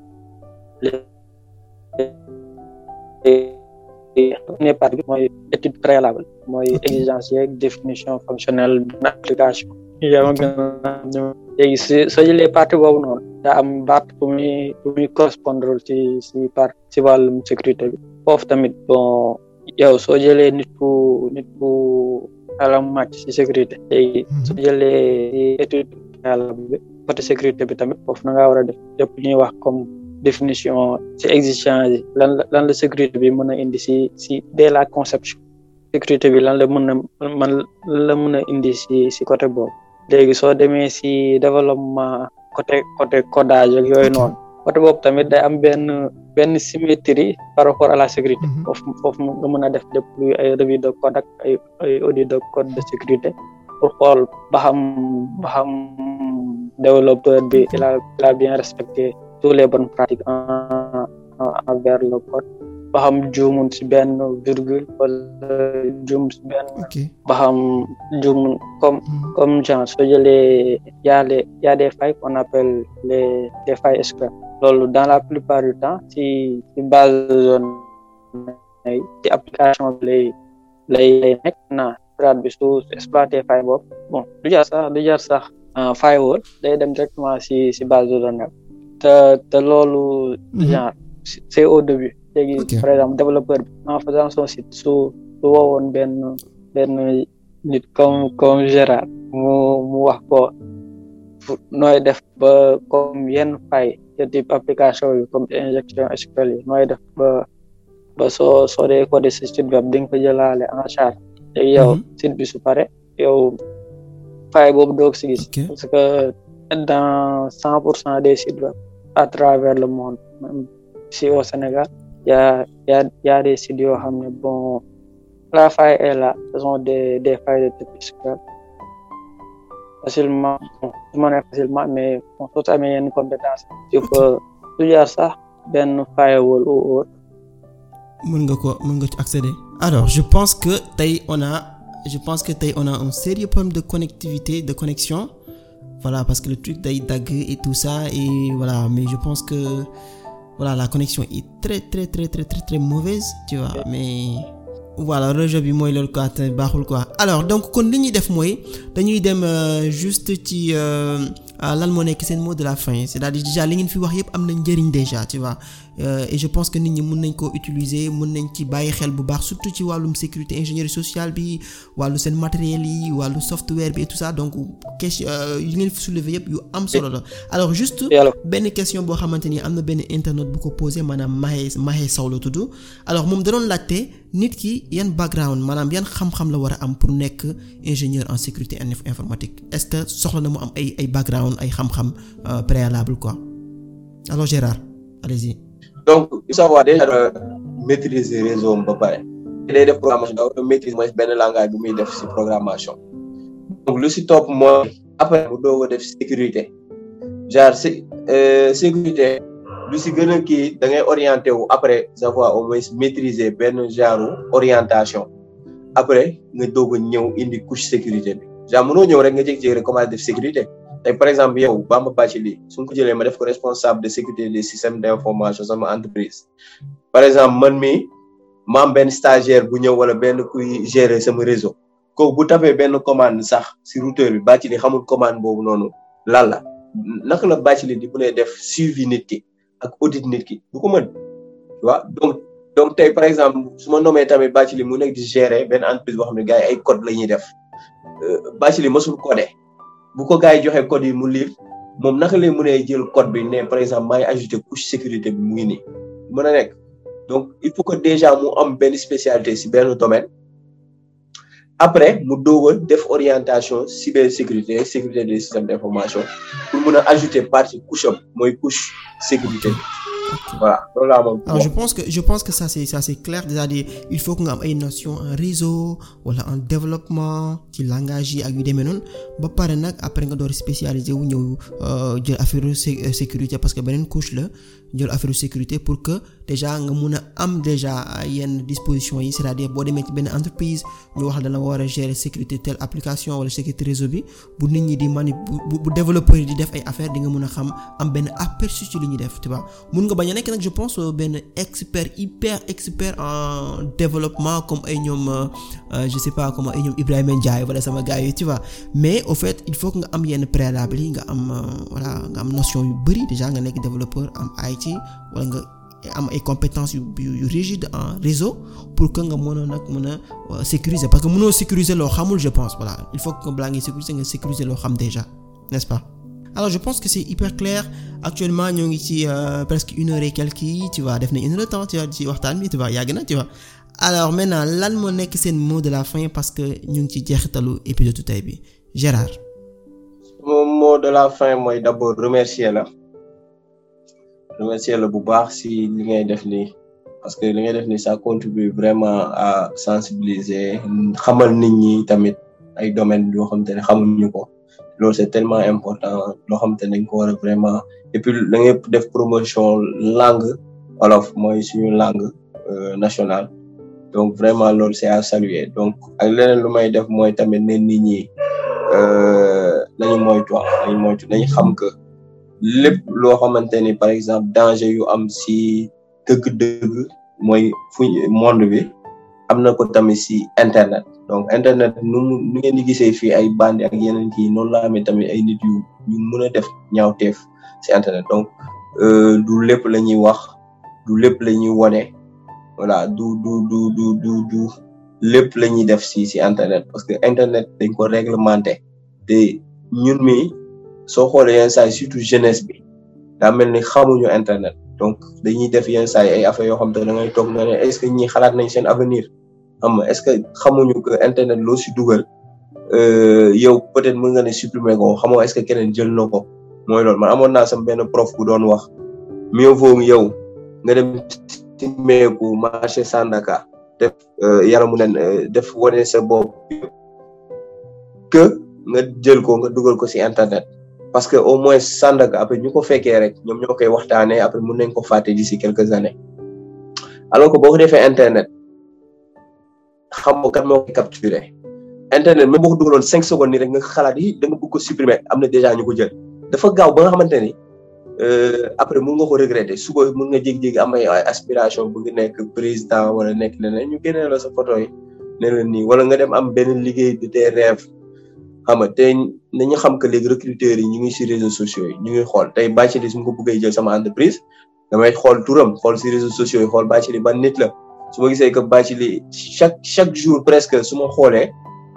premier partie bi mooy étude préalable mooy exigence yeeg définition fonctionnelle d'une application yow a gën a léegi si soo jëlee partie boobu noonu daa am baat bu muy bu correspondre ci si part si wàllum sécurité bi foofu tamit bon yow soo jëlee nit bu nit bu xelam màcc si sécurité léegi mhm. soo jëlee étude préalable bi côté sécurité bi tamit foofu na ngaa war a def lépp comme définition ci exigence lan la lan la sécurité bi mën a indi si si dès la conception sécurité bi lan la mën a man lan la mën a indi si si côté boobu léegi soo demee si développement côté côté codage ak yooyu noonu côté tamit day am benn benn symétrie par rapport à la sécurité mhm. foofu foofu nga mën a def lépp luy ay revue de code ak de sécurité pour xool ba xam ba xam développeur bi il bien respecté tous les bonnes pratiques envers le code ba xam juumun si benn virgule wala juum si benn ba xam comme hmm. comme genre soo jëlee yaa les yaa des failles qu'on appelle les les failles SQL loolu dans la plupart du temps si si base de zone yi si application bi lay lay nekk na si base de données te te loolu. Mhm. genre c'est au début. léegi par exemple développeur bi en faisant son site su su ben benn benn nit comme Gérard mu mu wax ko nooy def ba comme yenn faille de type application yi comme injection SQL yi def ba ba soo soo dee codé web di nga ko jëlaale en charge léegi yow mhm. site bi su pare yow faille boobu doog si parce que dans cent pour cent des sites web à travers le monde même si au Sénégal y a y a y yoo xam ne bon la faille est là ce sont des des failles de type fiscal mais bon soo amee yenn compétence tu peux tu jaar sax benn firewall ou autre mën nga ko mën nga ci accéder. alors je pense que tey on a je pense que tey on a un sérieux problème de connectivité de connexion. Voilà, parce que le truc d'Aïdag et tout ça, et voilà, mais je pense que voilà, la connexion est très, très, très, très, très, très mauvaise, tu vois, mais. voilà rejet bi mooy loolu quoi te baaxul quoi alors donc kon li ñuy def mooy dañuy dem euh, juste ci euh, lan moo nekk seen mot de la fin c'est-à-dire déjà li ngeen fi wax yépp am na njëriñ déjà tu waa Euh, et je pense que nit ñi mun nañ koo utiliser mën nañ ci bàyyi xel bu baax surtout ci wàllum sécurité ingénierie sociale bi wàllu seen matériel yi wàllu software bi et tout ça donc question yi euh, ngeen fi yëpp yu am solo la alors juste benn question boo xamante ni am na benn internet bu ko posé maanaam Mahe Mahe Sow la tudd alors moom danoon laajte nit ki yan background maanaam yan xam-xam la war a am pour nekk ingénieur en sécurité informatique est-ce que soxla na mu am ay ay background ay xam-xam euh, préalable quoi alors donc il faut savoir déjà day def programmation da war maîtriser mooy benn langage bu muy def si programmation lu si topp mooy après bu doog a def sécurité genre si euh, sécurité lu si gën a kii da ngay orienté wu après savoir au moins maitriser benn genre orientation après nga doog a ñëw indi couche sécurité bi genre mënoo ñëw rek nga jékki-jékki rek commencé def sécurité te par exemple yow Bamba Bathily su ñu ko jëlee ma def ko responsable de sécurité des systèmes d'information sama entreprise par exemple man mi ma am benn stagiaire bu ñëw wala benn kuy gérer sama réseau kooku bu tafee benn commande sax si routeur bi Bathily xamul commande boobu noonu lan la naka la Bathily di mën a def suivi nit ki ak audit nit ki du ko mën waaw donc donc tey par exemple su ma nommee tamit Bathily mu nekk di gérer benn entreprise boo xam ne gars yi ay code la ñuy def euh, Bathily mosul codé bu ko gars yi joxe code yi mu lire moom naka lay mënee jël code bi ne par exemple maa ngi ajouté couche sécurité bi mu ngi nii mën a nekk donc il faut que déjà mu am benn spécialité si benn domaine après mu doog def orientation cybersécurité sécurité des systèmes d'information pour mën a ajouter partie couche am mooy couche sécurité waa voilà loolu je pense que je pense que ça c'est ça c'est clair cest dire il faut que nga am ay notion en réseau wala en développement ci langage yi ak yu demee noonu ba pare nag après nga door spécialisé wu ñëw euh, jël affaire sécurité parce que beneen couche la. jël affaire sécurité pour que déjà nga mun a am déjà yenn dispositions yi cest à boo demee ci benn entreprise ñu wax la dana war a gérer sécurité telle application wala sécurité réseau bi bu nit ñi di mani bu bu développeur yi di def ay affaire di nga mun a xam am benn aperçu ci li ñuy def tu vois mun nga bañ a nekk nag je pense euh, benn expert hyper expert en développement comme ay ñoom euh, euh, je sais pas comme ay ñoom Ibrahima Ndiaye wala sama gars yi tu vois mais au fait il faut am yenn préalable yi nga am voilà nga am yu bari déjà nga nekk développeur am ay ci wala nga am ay compétences yu yu rigide en réseau pour que nga mën a nag mën a euh, sécuriser parce que mënoo sécurisé loo xamul je pense voilà il faut que balaa ngi sécuriser nga sécuriser loo xam déjà n'est-ce que c'est hyper clair actuellement ñoo ngi ci euh, presque une heure yi tu vois def nañ une heure de waxtaan bi tu vois yàgg na tu vois alors maintenant lan moo nekk seen mot de la fin parce que ñu ngi ci jeexitalu épisode tey bi Gérard. moom mot de la fin mooy d'abord remercier la. remercier la bu baax si li ngay def nii parce que li ngay def nii ça contribue vraiment à sensibiliser xamal nit ñi tamit ay domaines yoo xamante ne xamuñu ko loolu c'est tellement important loo xamante ne ko vraiment et puis da ngay def promotion langue wolof mooy suñu langue euh, nationale donc vraiment loolu c'est à saluer donc ak leneen lu may def mooy tamit ne nit ñi euh, nañu moytu nañu moytu nañu xam lépp loo xamante ni par exemple danger yu am si dëgg-dëgg mooy fu monde bi am na ko tamit si internet donc internet nu mu nu ngeen di gisee fii ay bandi ak yeneen kii noonu la amee tamit ay nit yu yu mën a def ñaawteef si internet donc euh, du lépp la ñuy wax du lépp la ñuy wone voilà du du du du du du lépp la ñuy def si si internet parce que internet dañ ko réglementé soo xoolee yenn saa surtout jeunesse bi daa mel ni xamuñu internet donc dañuy def yenn saa yi ay yoo xam te da ngay toog na ne est-ce que ñi xalaat nañ seen avenir xam nga est-ce que xamuñu que internet loo si dugal euh, yow peut-être mën nga ne supprimer ko xamoo est-ce que keneen jël na ko mooy loolu man amoon naa sama benn prof bu doon wax mieux vaut yow nga dem ci meeku marché Sandaga def euh, yaramu nen euh, def wane sa bopp que nga jël ko nga dugal ko si internet parce que au moins Sandaga après ñu ko fekkee rek ñoom ñoo koy waxtaanee après mun nañ ko fàtte d'ici quelques années alors que boo ko defee internet xam nga kat moo koy capturé internet même boo ko dugaloon cinq secondes nii rek nga xalaat yi da nga bëgg ko am na déjà ñu ko jël dafa gaaw ba nga xamante ni euh, après mun nga ko regretter suba mun nga jég-jégi am ay aspiration bu nga nekk président wala nekk leneen ñu génnee la sa yi ne leen wala nga dem am benn liggéey de tes rêves xam nga tey nañu xam que léegi recruteurs yi ñu ngi si réseaux sociaux yi ñu ngi xool tey Bachely su ma ko bëggee jël sama entreprise damay xool turam xool si réseaux sociaux yi xool Bachely ban nit la su ma gisee que Bachely chaque chaque jour presque su ma xoolee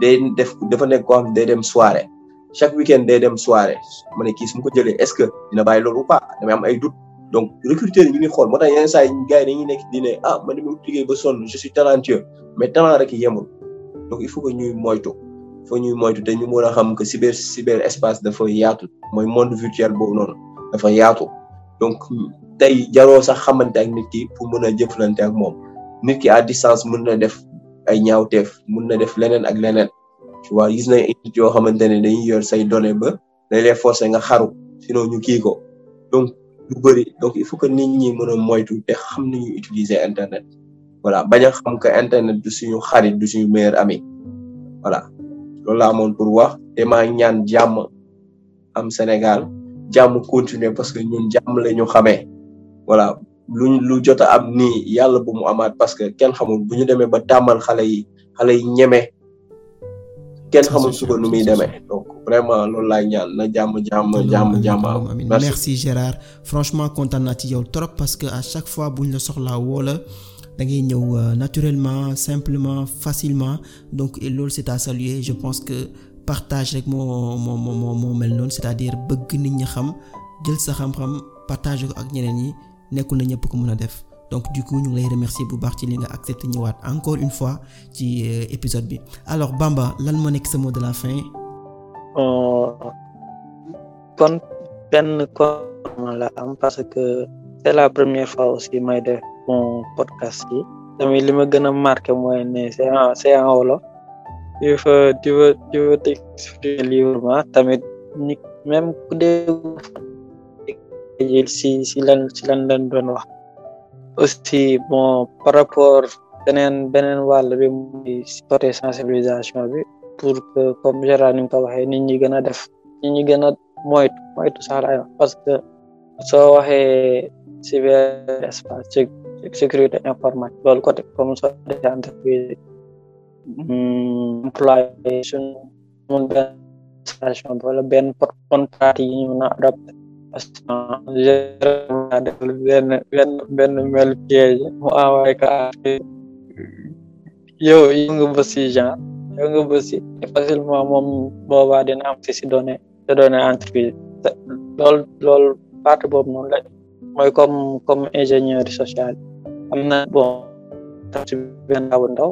day def dafa nekk day dem soirée chaque week-end day dem soirée ma ne kii su ko jëlee est-ce que dina bàyyi loolu ou pas ay doute donc recruteurs yi ñu ngi xool moo tax yenn saa yi gars yi dañuy nekk di ne ah man de ba sonn je suis talentueux mais talent rek yemul donc il faut que ñuy moytu. foo ñuy moytu te ñu mën a xam que cyber cyber espace dafa yaatu mooy monde virtuel boobu noonu dafa yaatu donc tey jaroo sax xamante ak nit ki pour mën a jëflante ak moom nit ki à distance mën na def ay ñaawteef mun na def leneen ak leneen tu vois gis nañ nit yoo xamante ne dañuy yor say données ba dañ lay forcer nga xaru sinon ñu kii ko donc lu bëri donc il faut que nit ñi mën a moytu te xam nañu utiliser internet voilà bañ a xam que internet du suñu xarit du suñu meilleur ami voilà loolu laa amoon pour wax te maa ñaan jàmm am Sénégal jàmm continuer parce que ñun jàmm la ñu xamee voilà luñ lu jot am ni yàlla bu mu amaat parce que kenn xamul bu ñu demee ba tàmmal xale yi xale yi ñeme kenn xamul suba nu muy demee donc vraiment loolu laay ñaan na jàmm jàmm jàmm jàmm amiin merci Gérard franchement kontaan naa ci yow trop parce que à chaque fois buñ la soxlaa woo da ngay ñëw euh, naturellement simplement facilement donc et loolu c'est à saluer je pense que partage rek moo moo moo moo mel noonu c'est-à-dire bëgg nit ñi xam jël sa xam-xam partage ko ak ñeneen yi nekkul na ñëpp ko mën a def donc du coup ñu ngi lay remercier bu baax ci li nga accepté ñëwaat encore une fois ci euh, épisode bi alors Bamba lan moo nekk sa mot de la fin. Euh, kon benn kon la am parce que c'est la première fois aussi may def. bon podcast yi tamit li ma gën a marqué mooy ne c'est en c'est en wolof fa tu veux t'exprimer librement tamit ni même ku dee si lan lan doon wax aussi bon par rapport beneen beneen wàll bi muy côté sensibilisation bi pour que comme Gérard ni mu ko waxee nit ñi gën a def nit ñi gën a moytu moytu parce que soo waxee cyber espace sécurité informatique lool côté comme soo defee entreprise hmm, employé mun benn station bi wala benn bonne pratique yi ñu mën adopté benn benn benn mel piège mu envoyé ka yow yow nga genre yow nga facilement moom boobaa dina am si si données te données entreprise loolu loolu partie boobu noonu la mooy comme ingénieur social am na bon ci benn gaawu ndaw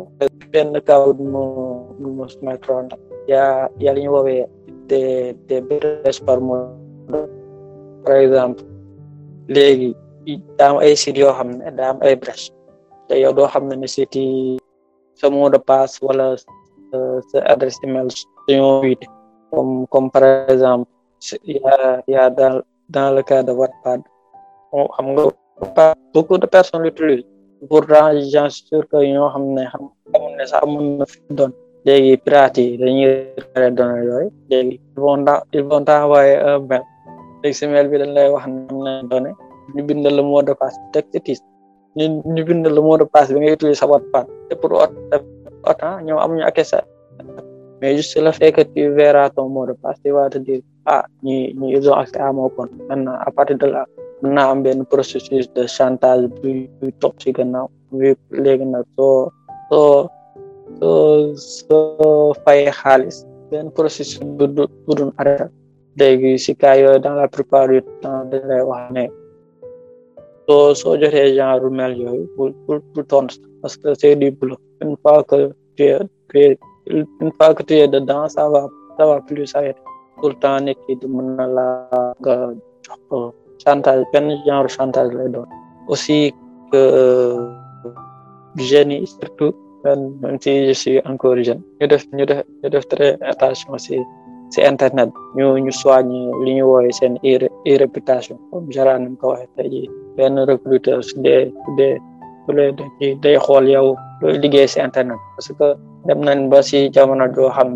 benn gaawu du mu du mu métro ndaw yaa yaa li ñu woowee des par exemple léegi daa am ay sites yoo xam ne daa am ay brèche te doo xam ne ne site yi sa mot wala sa adresse email dañoo wiite comme comme par exemple yaa dans le cas de Wattpad xam nga pas beaucoup de personnes l'utilisent pourtant j'en suis sûr que ñoo xam ne xam xamul ne sax mën na fi doon léegi pirates yi dañuy récupérer données yooyu léegi ils vont ils vont t'envoyer un mail léegi si lay wax ne am na données ñu bind le mot de passe texte titre ñu ñu bind le mot de passe bi ngay utiliser sa boîte passe pour autant ñoom am accès ça mais juste le fait que tu verras ton mot de passe tu vas te dire ah ñi ñi ils ont accès partir de là mën naa am benn processus de chantage bu topp ci gannaaw léegi nag soo soo soo soo fayee xaalis benn processus bu bu dul arrêté léegi dans la plupart temps dañ lay soo soo jotee genre mel yooyu bu bu parce que c'est di boulot une fois que tu es tu es une plus s'arrêter tout temps nekk di mën na laa nga chantage benn genre chantage lay doon aussi que jeunes yi surtout même si je encore jeune ñu def ñu def ñu si si internet ñu ñu soigne li ñu wooyee seen i réputation comme Jara ni mu ko waxee tey benn recruteur su dee day xool yow looy liggéey si internet parce que dem nañ ba si jamono joo xam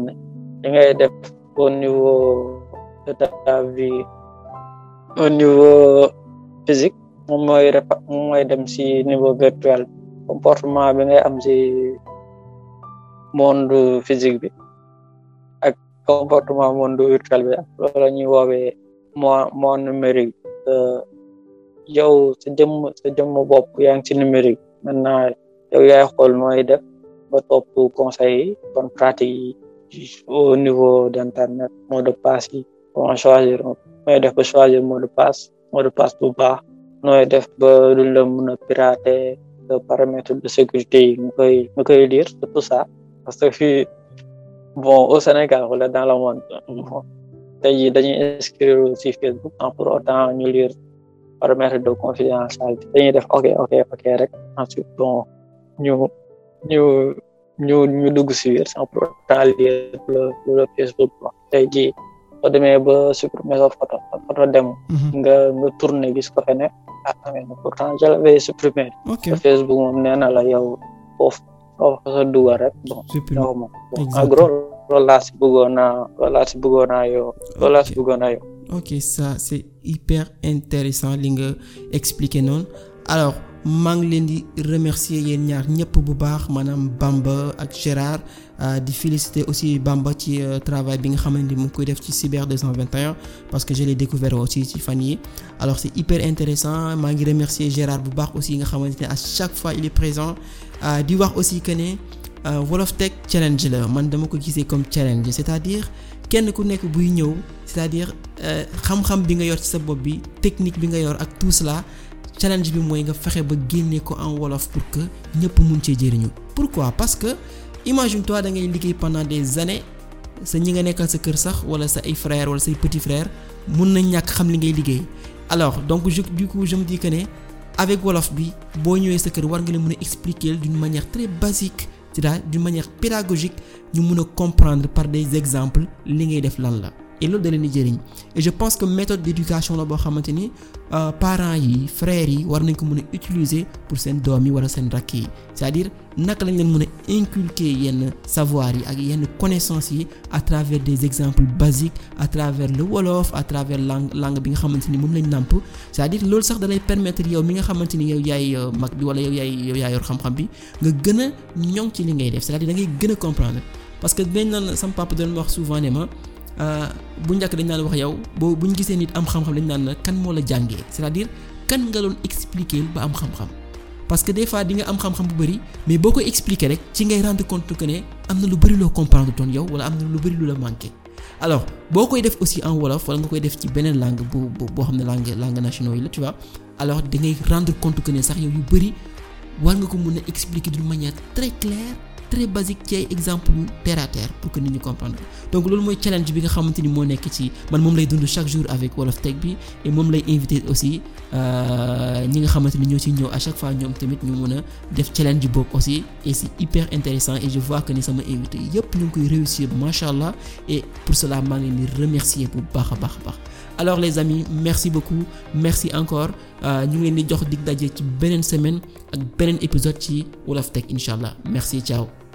ne li def au niveau de ta vie au niveau physique moom repa moom dem si niveau virtuel comportement bi ngay am si monde physique bi ak comportement monde virtuel bi ak loolu la ñuy woowee monde monde numérique euh, yow sa jëmm sa jëmm bopp yaa ngi ci numérique mana yow yaay xool nooy def ba topp conseil yi pratique yi au niveau d' internet mot de passe choisir nooy def ba choisir mot de passe mot e de passe bu baax nooy def ba duñ la mën a piraté paramètres de sécurité yi nga koy nga koy lire ça parce que fii bon au Sénégal wala dans le monde bon tey dañuy inscrire si Facebook en pour autant ñu lire paramètres de confidentialité dañuy def ok ok rek ensuite ñu ñu ñu ñu dugg si biir sans pour autant lire le le soo demee ba supprimer a photo sa photo dem mhm. nga nga tourner a ko fene ah mais pourtant je l'avais supprimé Facebook moom nee la yow foofu foofu sa dugal rek bon ñoo moom si bëggoon naa si bëggoon naa yow si bëggoon naa ok ça c'est hyper intéressant li nga expliqué alors maa ngi leen di remercier yéen ñaar ñëpp bu baax maanaam ba ak Gérard euh, di féliciter aussi ba ci euh, travail bi nga xamante ni mu ngi koy def ci cyber 221 parce que je l'ai découvert aussi ci fan yi alors c'est hyper intéressant maa ngi remercier gérar bu baax aussi nga xamante ne à chaque fois il est présent euh, di wax aussi que ne Wolof Tech challenge la man dama ko gisee comme challenge c'est-à-dire kenn ku nekk buy ñëw c'est-à-dire xam-xam bi nga yor ci sa bopp bi technique bi nga yor ak challenge bi mooy nga fexe ba génne ko en wolof pour que ñëpp mun cee jëriñu pourquoi parce que imagine toi da ngay liggéey pendant des années sa ñi nga nekkal sa kër sax wala sa ay frère wala say petit frère mun nañ ñàkk xam li ngay liggéey alors donc je du coup je me dis que ne avec wolof bi boo ñëwee sa kër war nga leen mën a expliquer d'une manière très basique c'est-à-dire d'une manière pédagogique ñu mun a comprendre par des exemples li ngay def lan la. loolu da leen di jëriñ et je pense que méthode d'éducation la boo xamante ni euh, parents yi frères yi war nañ ko mën a utiliser pour seen doom yi wala seen rakk yi c'est-à-dire naka lañ leen mën a inculquer yenn savoir yi ak yenn connaissances yi à travers des exemples basiques à travers le wolof à travers langue langue bi nga xamante ni moom lañ namp c'est-à-dire loolu sax dalay lay permettre yow mi nga xamante ni yow yaay euh, mag bi wala yow yaay yow yaay yor xam-xam bi nga gën a ñoŋ ci li ngay def cest à da ngay gën a comprendre Euh, bu njëkk dañ naan wax yow boo bu gisee nit am xam-xam dañ naan la kan moo la jàngee c'est-à-dire kan nga doon expliquer ba am xam-xam parce que des fois di nga am xam-xam bu bëri mais boo ko expliquer rek ci ngay rendre compte que am na lu bëri loo comprendre toon yow wala am na lu bari lu la manqué. alors boo koy def aussi en wolof wala nga koy def ci beneen langue bu boo xam ne langue langue nationaux yi la tu vois alors da ngay rendre compte que ne sax yow yu bëri war nga ko mun a expliquer d'une manière très claire. très basique ci ay exemple terre à terre pour ko nit ñi comprendre donc loolu mooy challenge bi nga xamante ni moo nekk ci man moom lay dund chaque jour avec Wolof Tech bi moom lay invité aussi euh, ñi nga xamante ni ñoo ci ñëw à chaque fois ñoom tamit ñu mën a def challenge boobu aussi et c'est hyper intéressant et je vois que ni sama invité yëpp ñu ngi koy réussir macha allah et pour cela maa ngi leen di remercier bu baax a baax a baax. alors les amis merci beaucoup merci encore euh, ñu ngeen di jox dig daje ci beneen semaine ak beneen épisode ci Wolof Tech incha allah merci ciao.